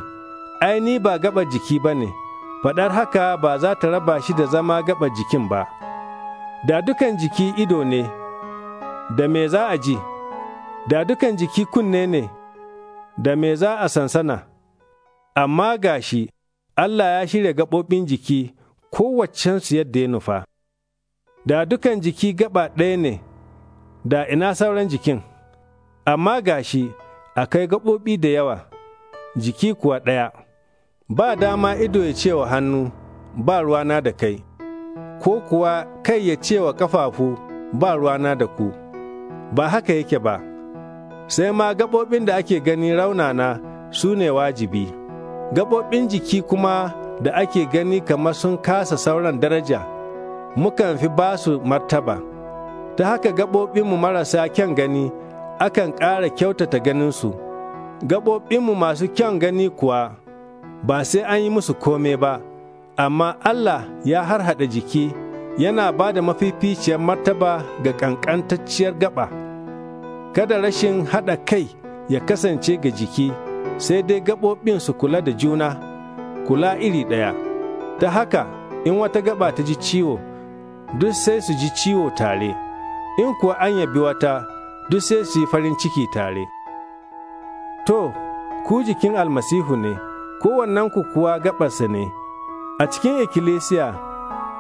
ai, ni ba gaba jiki ba ne, faɗar haka ba za ta raba shi da zama gaba jikin ba. Da dukan jiki ido ne, da me za a ji, da dukan jiki kunne ne, da me za a sansana. Amma ga shi, Allah ya shirya gaɓoɓin jiki kowaccensu yadda ya nufa. Da dukan jiki gaba ɗaya ne, da ina sauran jikin. Amma gashi akai gaɓoɓi da yawa, jiki kuwa ɗaya, ba dama ido ya ce wa hannu, ba ruwana da kai, ko kuwa kai ya ce wa ƙafafu, ba ruwa na da ku, ba haka yake ba, sai ma gaɓoɓin da ake gani raunana su ne wajibi, gaɓoɓin jiki kuma da ake gani kamar sun kasa sauran daraja. mukan fi ba su martaba, ta haka gaɓoɓinmu marasa kyan gani akan ƙara kyautata ganinsu, gaɓoɓinmu masu kyan gani kuwa ba sai an yi musu kome ba, amma Allah ya harhaɗa jiki yana ba da mafificiyar martaba ga ƙanƙantacciyar gaɓa. Kada rashin haɗa kai ya kasance ga jiki, sai dai gaɓoɓin su kula da juna, kula iri ɗaya. Ta haka, in wata gaɓa ta ji ciwo, duk sai su ji ciwo tare, in kuwa an yabi wata. duk sai su yi farin ciki tare. To, ku jikin almasihu ne, ku kuwa gabarsa ne, a cikin ikkilisiya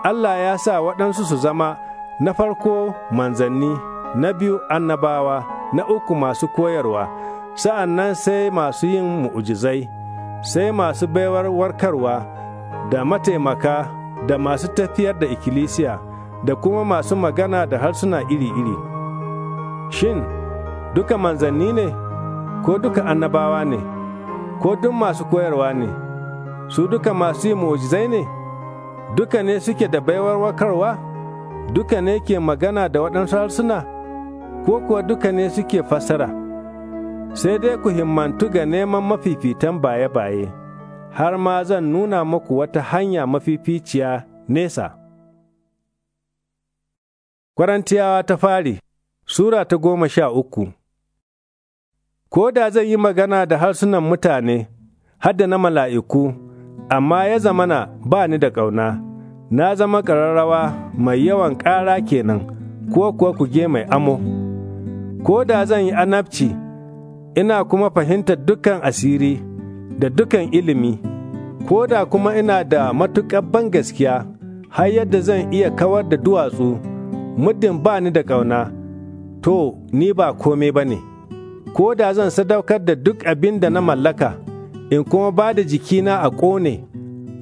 Allah ya sa waɗansu su zama na farko manzanni, na biyu annabawa, na uku masu koyarwa, sa'an nan sai masu yin mu'ujizai, sai masu baiwar warkarwa, da mataimaka, da masu tafiyar da ikkilisiya, da kuma masu magana da harsuna iri-iri. Shin, duka manzanni ne, ko duka annabawa ne, ko duk masu koyarwa ne, su duka masu yi mu'ujizai ne, duka ne suke da baiwar wakarwa, duka ne ke magana da waɗansu harsuna, ko kuwa duka ne suke fassara. Sai dai ku himmantu ga neman mafifitan baye-baye, har ma zan nuna muku wata hanya mafificiya nesa. Kwarantiyawa ta fari Sura ta goma sha uku Ko da zan yi magana da harsunan mutane, hadda na mala'iku, amma ya zamana ba ni da ƙauna, na zama ƙararrawa mai yawan ƙara kenan, ko kuwa kuge mai amo. Ko da zan yi anabci, ina kuma fahimtar dukan asiri da dukan ilimi, ko da kuma ina da matuƙar ban gaskiya, har yadda zan iya kawar da duwatsu, muddin ba ni da ƙauna. to, ni ba kome ba ne, ko da zan sadaukar da duk abin da na mallaka, in kuma ba da jikina a ƙone,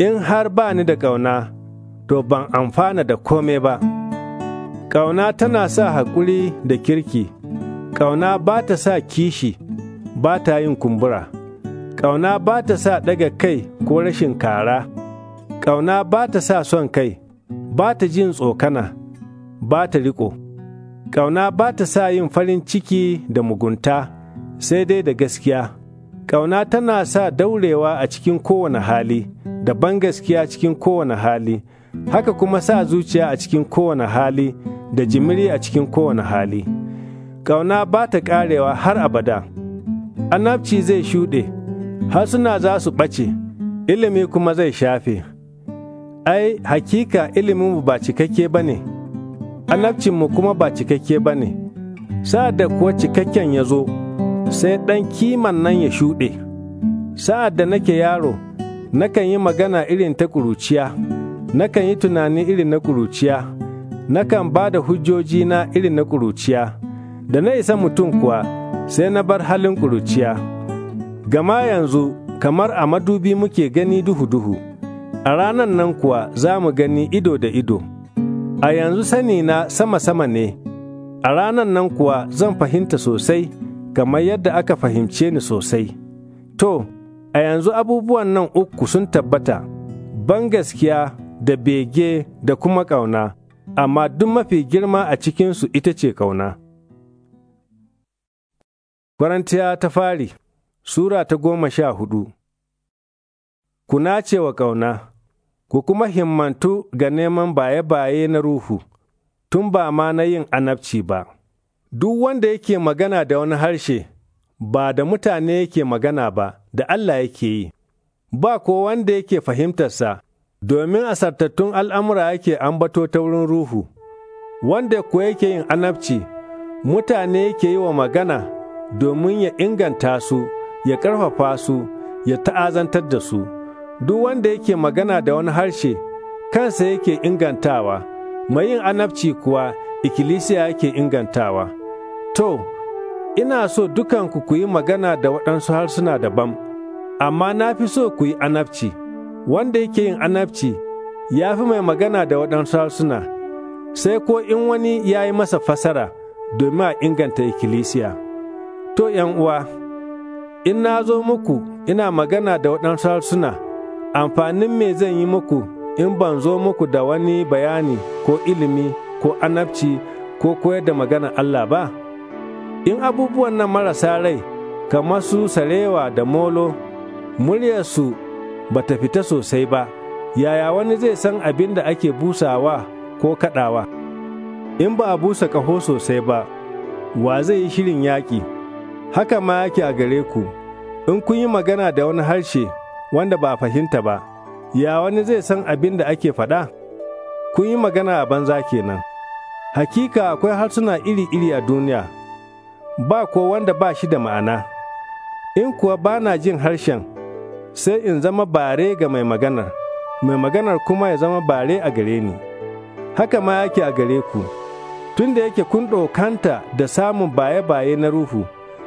in har ba ni da ƙauna, to ban amfana da kome ba. Ƙauna tana sa haƙuri da kirki, ƙauna ba ta sa kishi, ba ta yin kumbura, ƙauna ba ta sa ɗaga kai ko rashin kara, ƙauna ba ta sa son kai, ba ta jin tsokana, ba ta riƙo. Ƙauna ba ta sa yin farin ciki da mugunta, sai dai da gaskiya. Ƙauna tana sa daurewa a cikin kowane hali, da ban gaskiya cikin kowane hali, haka kuma sa zuciya a cikin kowane hali, da jimiri a cikin kowane hali. Ƙauna ba ta ƙarewa har abada. Annabci zai shuɗe, harsuna za su ɓace, ilimi kuma zai shafe. Ai, hakika mu ba cikakke ba ne. annabcinmu kuma ba cikakke ba ne, sa'ad da kuwa cikakken ya zo, sai ɗan kiman nan ya shuɗe, sa'ad da nake yaro, nakan yi magana irin ta ƙuruciya, nakan yi tunani irin na ƙuruciya, nakan ba da hujjoji na irin na ƙuruciya, da na isa mutum kuwa sai na bar halin ƙuruciya. Gama yanzu kamar a madubi muke gani duhu-duhu, a ranan nan kuwa za mu gani ido da ido. a yanzu sani na sama-sama ne, a ranan nan kuwa zan fahimta sosai, kamar yadda aka fahimce ni sosai. To, a yanzu abubuwan nan uku sun tabbata, ban gaskiya da bege da kuma ƙauna, amma duk mafi girma a cikinsu ita ce ƙauna. Kwarantiya ta fari Sura ta goma sha hudu Kuna ce wa ƙauna ku kuma himmantu ga neman baye-baye na ruhu, tun ba ma na yin anabci ba. Duk wanda yake magana da wani harshe, ba da mutane yake magana ba, da Allah yake yi, ba ko wanda yake fahimtarsa, domin a sartattun al'amura yake ambato ta wurin ruhu, wanda ku yake yin anabci, mutane yake yi wa magana domin ya inganta su, ya ƙarfafa su, ya ta'azantar da su. duk wanda yake magana da wani harshe kansa yake ingantawa, mai yin anabci kuwa ikkilisiya yake ingantawa. To, ina so dukanku ku yi magana da waɗansu harsuna daban, amma na fi so ku yi anabci. Wanda yake yin anabci ya fi mai magana da waɗansu harsuna, sai ko in wani ya yi masa fasara domin a inganta ikkilisiya. To, uwa, in na zo muku ina magana da waɗansu harsuna. amfanin me zan yi muku in ban zo muku da wani bayani ko ilimi ko anabci ko koyar da magana Allah ba? In abubuwan nan marasa rai, kamar su sarewa da molo, muryarsu ba ta fita sosai ba, yaya wani zai san abin da ake busawa ko kaɗawa? In ba a busa ƙaho sosai ba, wa zai yi shirin yaƙi? Haka ma yake a gare ku, in kun yi magana da wani harshe. wanda ba fahimta ba, ya wani zai san abin da ake faɗa? Kun yi magana a banza kenan. Hakika akwai harsuna iri-iri a duniya, ba ko wanda ba shi da ma'ana. In kuwa ba na jin harshen, sai in zama bare ga mai maganar, mai maganar kuma ya zama bare a gare ni. Haka ma yake a gare ku, tun da yake kun ɗaukanta da samun baye-baye na ruhu,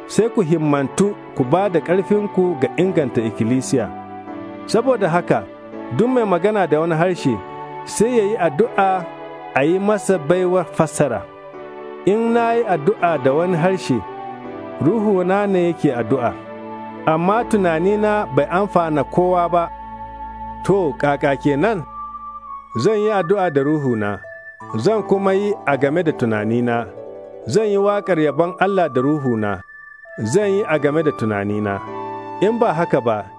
sai ku himmantu ku ba da ƙarfinku ga inganta ikkilisiya. saboda haka duk mai magana da wani harshe sai ya yi addu'a a yi masa baiwar fassara in na yi addu'a da wani harshe ruhuna ne yake addu'a amma tunanina bai amfana kowa ba to kaka nan, zan yi addu'a da ruhuna zan kuma yi a game da tunanina zan yi waƙar yabon Allah da ruhuna zan yi a game da tunanina in ba haka ba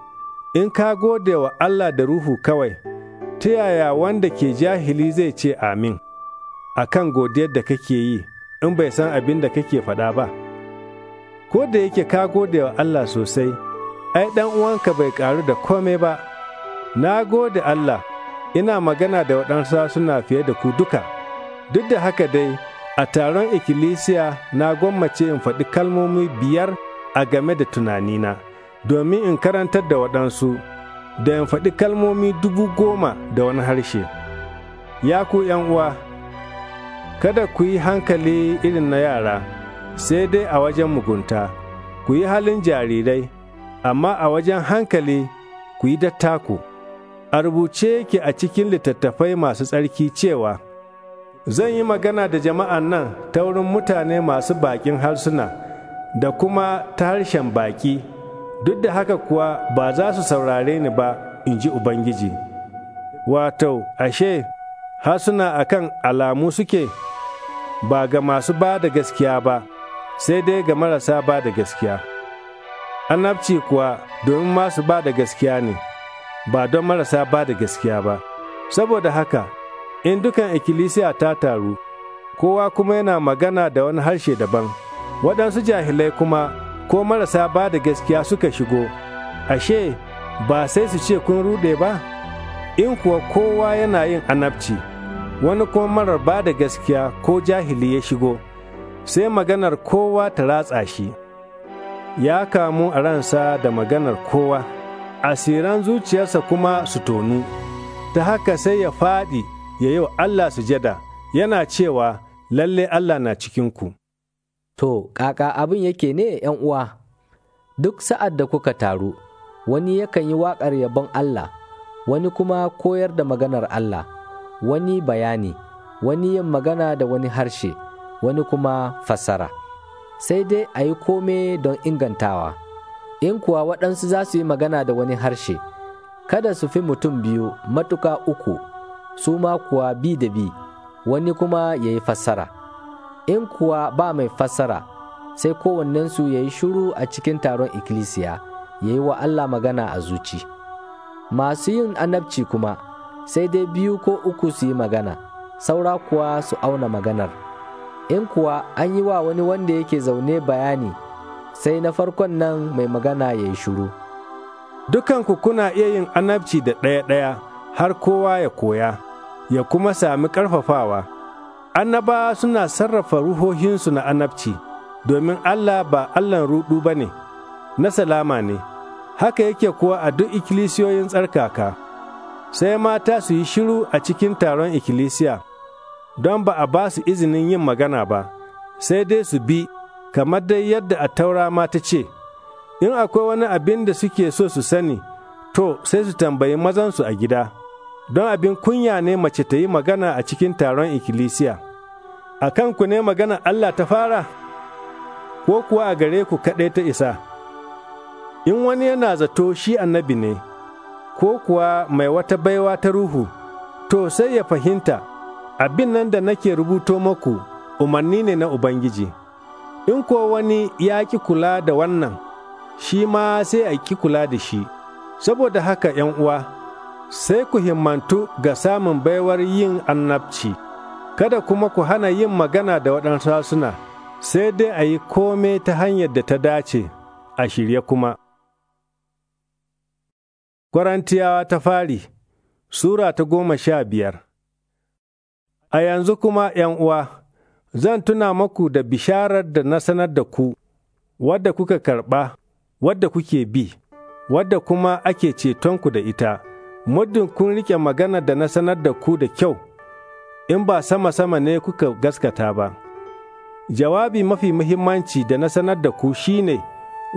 in ka gode wa Allah da Ruhu kawai, ta yaya wanda ke jahili zai ce amin a kan godiyar da kake yi in bai san abin da kake faɗa ba. Ko da yake ka gode wa Allah sosai, ai ɗan uwanka bai ƙaru da komai ba, na gode Allah, ina magana da waɗansa suna fiye da ku duka. Duk da haka dai, a taron ikkilisiya na gwammace in faɗi kalmomi biyar a game da tunanina. domin in karantar da waɗansu da in faɗi kalmomi dubu goma da wani harshe. Ya ku uwa, kada ku yi hankali irin na yara, sai dai a wajen mugunta, ku yi halin jarirai, amma a wajen hankali ku yi dattaku. A rubuce yake a cikin littattafai masu tsarki cewa, Zan yi magana da jama'an nan ta wurin mutane masu baƙin harsuna da kuma ta harshen baƙi. duk da haka kuwa ba za su saurare ni ba in ji Ubangiji. Wato, ashe, Harsuna a kan alamu suke ba ga masu ba da gaskiya ba, sai dai ga marasa ba da gaskiya. Annabci kuwa domin masu ba da gaskiya ne, ba don marasa ba da gaskiya ba. Saboda haka, in dukan ikkilisiya ta taru, kowa kuma yana magana da wani harshe daban, waɗansu jahilai kuma ko marasa ba da gaskiya suka shigo, ashe, ba sai su ce kun ruɗe ba? In kuwa kowa yana yin anabci, wani kuma marar ba da gaskiya ko jahili ya shigo, sai maganar kowa ta ratsa shi. Ya kamu a ransa da maganar kowa, asiran zuciyarsa kuma su tonu, ta haka sai ya faɗi ya yi wa Allah sujada, yana cewa, lalle Allah na
cikinku. To, ƙaƙa abin yake ne ‘yan uwa, duk sa'ad da kuka taru, wani yakan yi waƙar yabon Allah, wani kuma koyar da maganar Allah, wani bayani, wani yin magana da wani harshe, wani kuma fassara. Sai dai a yi kome don ingantawa, in kuwa waɗansu za su yi magana da wani harshe, kada su fi mutum biyu matuka uku, su ma kuwa bi da bi, wani kuma ya yi fassara. in kuwa ba mai fassara sai kowannensu ya yi shuru a cikin taron ikkilisiya ya yi wa Allah magana a zuci masu yin anabci kuma sai dai biyu ko uku su yi magana saura kuwa su auna maganar in kuwa an yi wa wani wanda yake zaune bayani sai na farkon nan mai magana ya yi shuru
dukanku kuna iya yin anabci da ɗaya-ɗaya har kowa ya koya ya kuma sami ƙarfafawa. annaba suna sarrafa ruhohinsu na annabci domin Allah ba Allahn ruɗu ba ne, na salama ne, haka yake kuwa a duk ikkilisiyoyin tsarkaka, sai mata su yi shiru a cikin taron ikkilisiya, don ba a ba su izinin yin magana ba, sai dai su bi, kamar dai yadda a taura mata ce, in akwai wani abin da suke so su sani, to sai su tambayi mazansu a gida, don abin kunya ne mace ta yi magana a cikin taron ikkilisiya. a kanku ne magana Allah ta fara, ko kuwa a gare ku kaɗai ta isa, in wani yana zato shi annabi ne, ko kuwa mai wata baiwa ta ruhu, to sai ya fahimta abin nan da nake rubuto maku umarni ne na Ubangiji, in ko wani ya ki kula da wannan, shi ma sai a ki kula da shi, saboda haka uwa, sai ku himmantu ga samun baiwar yin annabci. kada kuma ku hana yin magana da waɗansu harsuna, sai dai a yi kome ta hanyar da ta dace, a shirye kuma. Kwarantiyawa ta fari Sura ta goma sha biyar A yanzu kuma ’yan uwa, zan tuna maku da bisharar da na sanar da ku, wadda kuka karɓa, wadda kuke bi, wadda kuma ake cetonku da ita, muddin kun riƙe magana da na sanar da ku da kyau. in ba sama-sama ne kuka gaskata ba. Jawabi mafi muhimmanci da na sanar da ku shine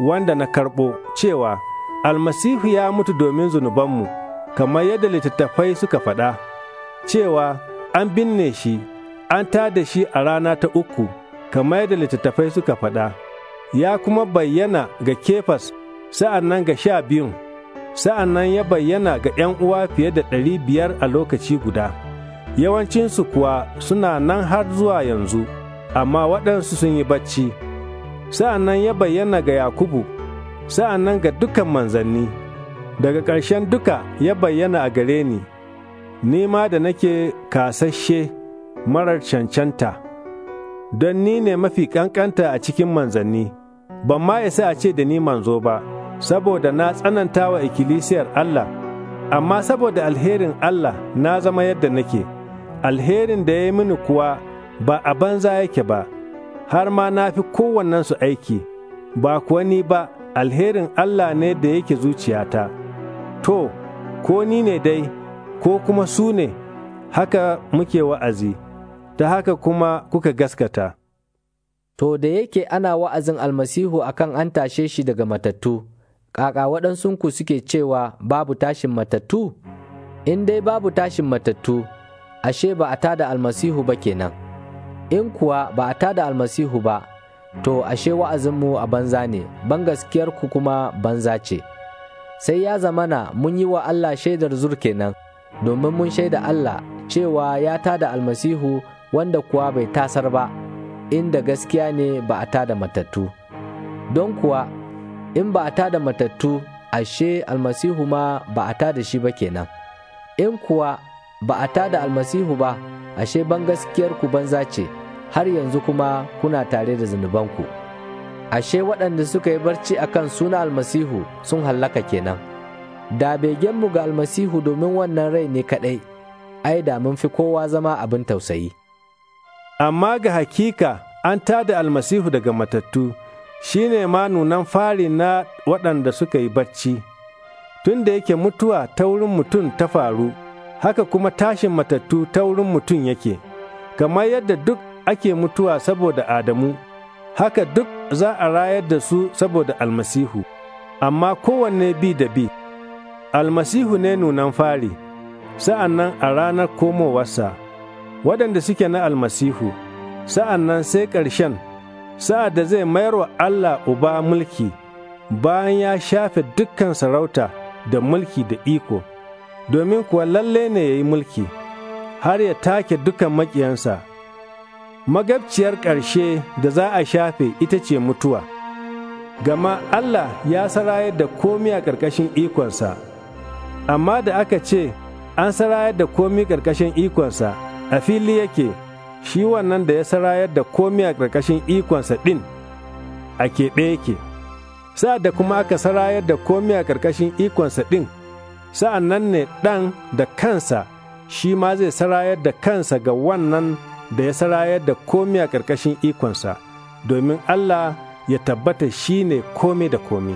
wanda na karɓo cewa almasihu ya mutu domin zunubanmu, kamar yadda littattafai suka faɗa, cewa an binne shi, an ta da shi a rana ta uku, kamar yadda littattafai suka faɗa, ya kuma bayyana ga kefas sa'an nan ga sha biyun, sa'an nan ya bayyana ga ’yan uwa fiye da ɗari biyar a lokaci guda. yawancinsu kuwa suna nan har zuwa yanzu, amma waɗansu sun yi bacci. Sa'an nan ya bayyana ga Yakubu, sa'an nan ga dukan manzanni, daga ƙarshen duka ya bayyana a gare ni, ni ma da nake kasashe marar cancanta, don ni ne mafi ƙanƙanta a cikin manzanni, ban ma isa a ce da ni manzo ba, saboda na tsananta wa ikkilisiyar Allah, amma saboda alherin Allah na zama yadda nake. alherin da ya yi mini kuwa ba a banza yake ba, har ma na fi kowannensu aiki, ba kuwa ni ba alherin Allah ne da yake zuciyata. To, ko ni ne dai, ko kuma su
ne, haka muke wa'azi, ta haka kuma kuka gaskata. To, da yake ana wa'azin almasihu akan an tashe shi daga matattu, ƙaƙa waɗansunku suke cewa babu tashin matattu? In dai babu tashin matattu, ashe ba a tada almasihu ba kenan in kuwa ba a tada almasihu ba to ashe wa'azinmu a banza ne ban gaskiyarku kuma banza ce sai ya zamana mun yi wa Allah shaidar zur kenan domin mun shaida Allah cewa ya tada almasihu wanda kuwa bai tasar ba inda gaskiya ne ba a tada matattu don kuwa in ba a tada matattu ashe almasihu ma ba a tada shi ba kenan in kuwa ba a tada almasihu ba ashe ban gaskiyarku banza ce har yanzu kuma kuna tare da zunubanku ashe waɗanda suka yi barci a kan suna almasihu sun hallaka kenan da begenmu ga almasihu domin wannan rai ne kaɗai ai da mun fi kowa zama abin tausayi amma ga hakika
an tada almasihu daga matattu shi ne ma nunan fari na waɗanda suka yi barci tun da yake mutuwa ta wurin mutum ta faru haka kuma tashin matattu ta wurin mutum yake, kamar yadda duk ake mutuwa saboda Adamu, haka duk za a rayar da su saboda almasihu, amma kowanne bi da bi, almasihu ne nunan fari, sa'an nan a ranar komowarsa, waɗanda suke na almasihu, sa'an nan sai ƙarshen, sa'ad da zai mayar wa Allah uba mulki, bayan ya shafe dukkan sarauta da mulki da iko. domin kuwa lalle ne ya yi mulki, har ya take dukan makiyansa, Magabciyar ƙarshe da za a shafe ita ce mutuwa, gama Allah ya sarayar da komi a ƙarƙashin ikonsa, amma da aka ce an sarayar da komi ƙarƙashin ikonsa a fili yake shi wannan da ya sarayar da komi a ƙarƙashin ikonsa ɗin a keɓe yake, sa da kuma aka sarayar da komi a ƙarƙashin ikonsa ɗin. sa'an nan ne ɗan da kansa shi ma zai sarayar da kansa ga wannan da ya sarayar da komi a ƙarƙashin ikonsa, domin Allah ya tabbata shi ne komi da komi.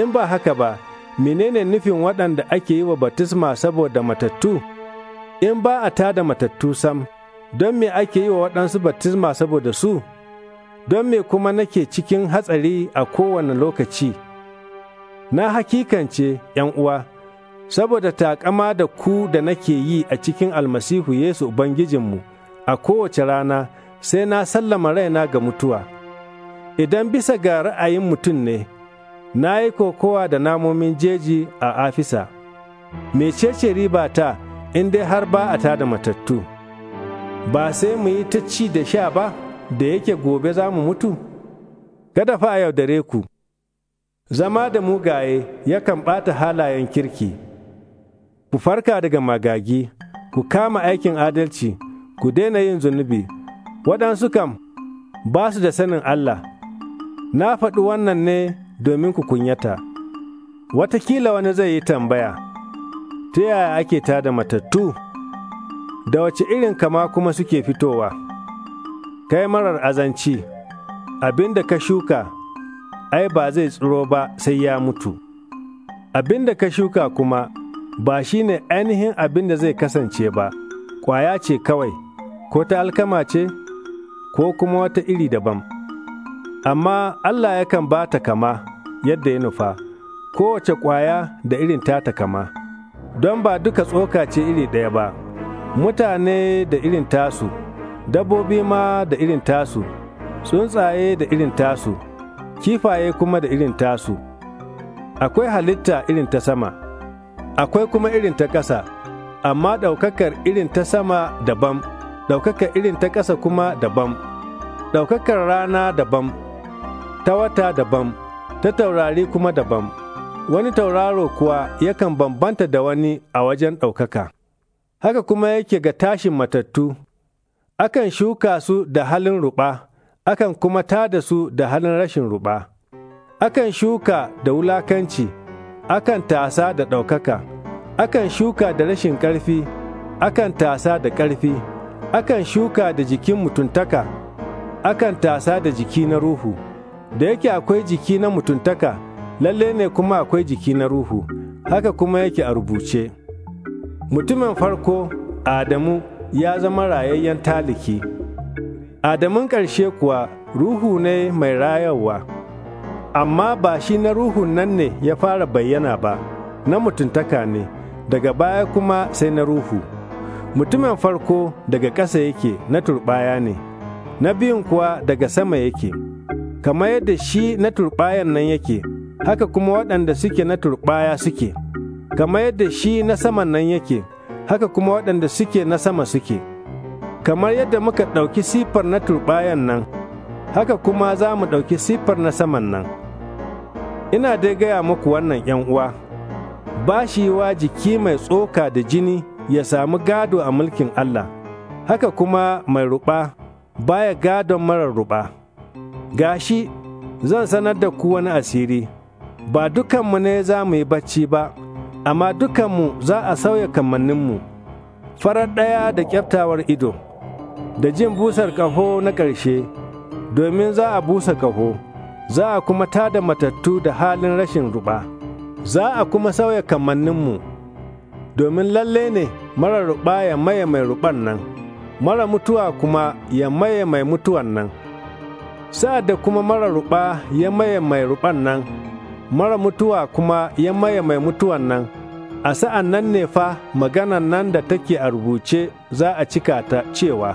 In ba haka ba, menene nufin waɗanda ake yi wa batisma saboda matattu? In ba a ta da matattu sam, don me ake yi wa waɗansu batisma saboda su? Don me kuma nake cikin hatsari a kowane lokaci? Na hakikance, uwa. saboda taƙama da ku da nake yi a cikin almasihu Yesu Ubangijinmu a kowace rana sai na sallama raina ga mutuwa. Idan bisa ga ra'ayin mutum ne, na yi kokowa da namomin jeji a afisa. Mecece riba ta in dai har ba a ta da matattu. Ba sai mu yi ta ci da sha ba da yake gobe za mu mutu? Kada fa yaudare ku, zama da mugaye yakan ɓata halayen kirki. ku farka daga magagi, ku kama aikin adalci, ku daina yin zunubi, waɗansu kam ba su da sanin Allah, na faɗi wannan ne domin ku kunyata. Watakila wani zai yi tambaya, ta yaya ake ta da matattu, da wace irin kama kuma suke fitowa, kai marar azanci, abin da ka shuka, ai ba zai tsiro ba sai ya mutu, abin da ka shuka kuma ba shi ne ainihin abin da zai kasance ba, ƙwaya ce kawai, ko ta alkama ce, ko kuma wata iri daban. Amma Allah yakan ba ta kama yadda ya nufa, kowace ƙwaya da irin ta ta kama, don ba duka tsoka ce iri ɗaya ba, mutane da irin tasu, dabbobi ma da irin tasu, tsuntsaye da irin tasu, kifaye kuma da irin tasu. Akwai halitta irin ta sama. akwai kuma irin ta ƙasa, amma ɗaukakar irin ta sama daban, ɗaukakar irin ta ƙasa kuma daban, ɗaukakar rana daban, ta wata daban, ta taurari kuma daban, wani tauraro kuwa yakan bambanta da wani a wajen ɗaukaka. Haka kuma yake ga tashin matattu, akan shuka su da halin ruɓa, akan kuma tada su da halin rashin ruɓa, akan shuka da wulakanci. akan tasa da ɗaukaka, akan shuka da rashin ƙarfi, akan tasa da ƙarfi, akan shuka da jikin mutuntaka, akan tasa da jiki na ruhu, da yake akwai jiki na mutuntaka, lalle ne kuma akwai jiki na ruhu, haka kuma yake a rubuce. Mutumin farko, Adamu, ya zama rayayyen taliki. Adamun ƙarshe kuwa ruhu ne mai rayarwa. amma ba shi na ruhun nan ne ya fara bayyana ba, na mutuntaka ne, daga baya kuma sai na ruhu. Mutumin farko daga ƙasa yake na turɓaya ne, na biyun kuwa daga sama yake, kamar yadda shi na turɓayan nan yake, haka kuma waɗanda suke na turɓaya suke, kamar yadda shi na saman nan yake, haka kuma waɗanda suke na sama suke. Kamar yadda muka ɗauki siffar na turɓayan nan, haka kuma za mu ɗauki siffar na saman nan. ina dai gaya muku wannan ‘yan uwa, ba shi wa jiki mai tsoka da jini ya samu gado a mulkin Allah, haka kuma mai ruɓa baya gadon marar ruɓa. Gashi, zan sanar da ku wani asiri, ba dukanmu ne za mu yi bacci ba, amma dukanmu za a sauya kamanninmu, farar ɗaya da kyaftawar ido, da jin busar ƙaho na ƙarshe, domin za a busa ƙaho. za a kuma tada matattu da halin rashin ruba, za a kuma sauya kamanninmu, domin lalle ne mara ruba ya maye mai ruban nan, mara mutuwa kuma ya maye mai mutuwan nan. Sa'ad da kuma mara ruba ya maye mai ruban nan, mara mutuwa kuma ya maye mai mutuwan nan, a sa'an nan ne fa maganan nan da take a rubuce za a cika ta cewa,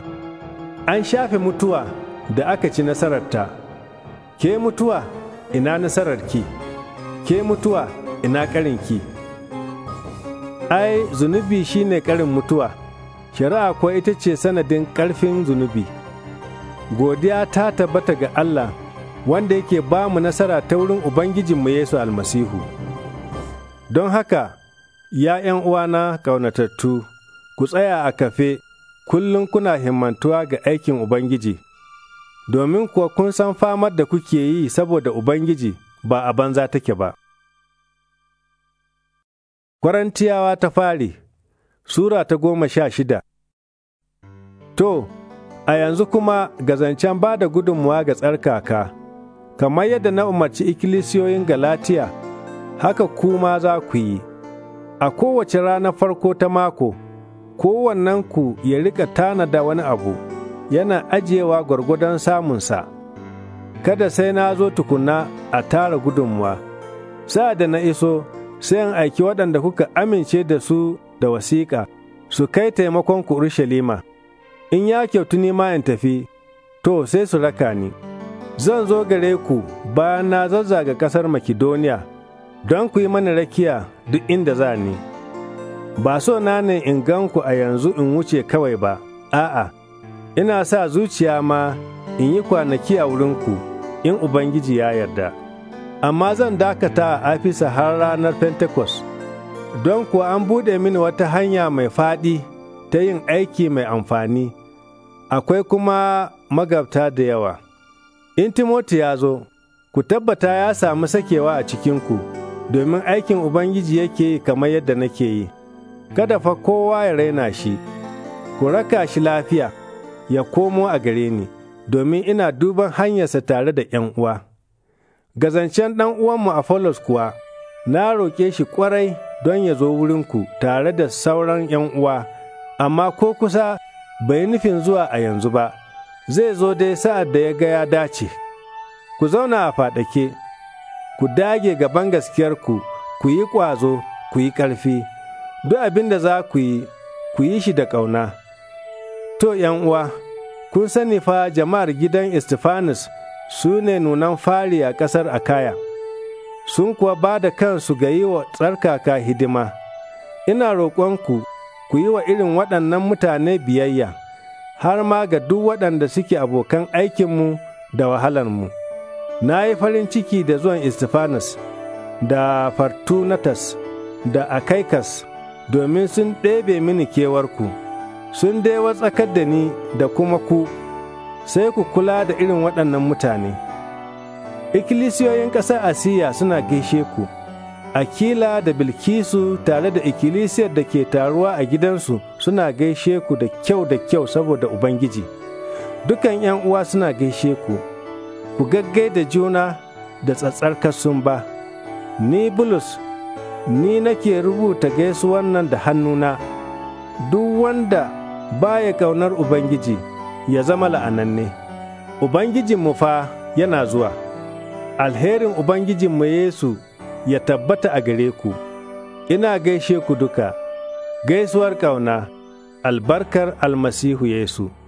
An shafe mutuwa da aka ci nasararta. ke mutuwa ina nasararki ke mutuwa ina ƙarinki ai zunubi shi ne ƙarin mutuwa shari'a kuwa ita ce sanadin ƙarfin zunubi godiya ta tabbata ga Allah wanda yake ba mu nasara ta wurin Ubangijinmu Yesu almasihu don haka ya ’yan uwana ƙaunatattu ku tsaya a kafe kullum kuna himmantuwa ga aikin Ubangiji. domin kuwa kun san famar da kuke yi saboda Ubangiji ba a banza take ba. Kwarantiyawa ta fari Sura ta goma sha shida To, a yanzu kuma ga zancen ba da gudunmuwa ga tsarkaka, kamar yadda na umarci ikkilisiyoyin Galatiya, haka kuma za ku yi, a kowace ranar farko ta mako, kowannenku ya riƙa tanada wani abu. yana ajiyewa gwargwadon samunsa, kada sai na zo tukuna a tara gudunmuwa, sa'ad da na iso sai in aiki waɗanda kuka amince da su da wasiƙa, su kai taimakon ku Urushalima, in ya kyautu ni ma in tafi, to sai su raka ni. Zan zo gare ku bayan na zazzaga ƙasar Makidoniya don ku yi mana rakiya duk inda za ni. Ba so na ne in gan ku a yanzu in wuce kawai ba, a'a. ina sa zuciya ma in yi kwanaki a wurinku in Ubangiji ya yarda. Amma zan dakata a afisa har ranar Pentecost, don kuwa an buɗe mini wata hanya mai faɗi ta yin aiki mai amfani, akwai kuma magabta da yawa. In Timoti ya zo, ku tabbata ya samu sakewa a cikinku, domin aikin Ubangiji yake yi kamar yadda nake yi, kada fa kowa ya raina shi, ku raka shi lafiya. ya komo a gare ni, domin ina duban hanyarsa tare da ’yan uwa. Gazancen ɗan uwanmu folos kuwa, na roƙe shi ƙwarai don ya zo wurinku tare da sauran ’yan uwa, amma ko kusa bai nufin zuwa a yanzu ba, zai zo dai sa'ad da ya ga ya dace. Ku zauna a faɗake, ku dage gaban gaskiyarku, ku yi ƙwazo, ku yi ƙarfi, duk abin da za ku yi, ku yi shi da ƙauna. To, uwa, kun sani fa jama'ar gidan Istifanis su ne nunan fari a ƙasar Akaya, sun kuwa ba da kansu ga yi wa tsarkaka hidima. Ina roƙonku ku yi wa irin waɗannan mutane biyayya, har ma ga duk waɗanda suke abokan aikinmu da wahalarmu. Na yi farin ciki da zuwan Istifanis, da Fartunatas, da Akaikas, domin sun ɗebe mini kewarku. sun dai watsakar da ni da kuma ku sai ku kula da irin waɗannan mutane. Ikilisiyoyin ƙasar Asiya suna gaishe ku, Akila da Bilkisu tare da ikilisiyar da ke taruwa a gidansu suna gaishe ku da kyau da kyau saboda Ubangiji. Dukan ‘yan uwa suna gaishe ku, ku gaggai da juna da tsatsar sun ba. Ni Bulus, ni nake rubuta gaisuwan nan da hannuna, duk wanda Ba ya ƙaunar Ubangiji ya zama la'ananne. Ubangijinmu fa yana zuwa, alherin Ubangijinmu Yesu ya tabbata a gare ku, ina gaishe ku duka, gaisuwar ƙauna, albarkar almasihu Yesu.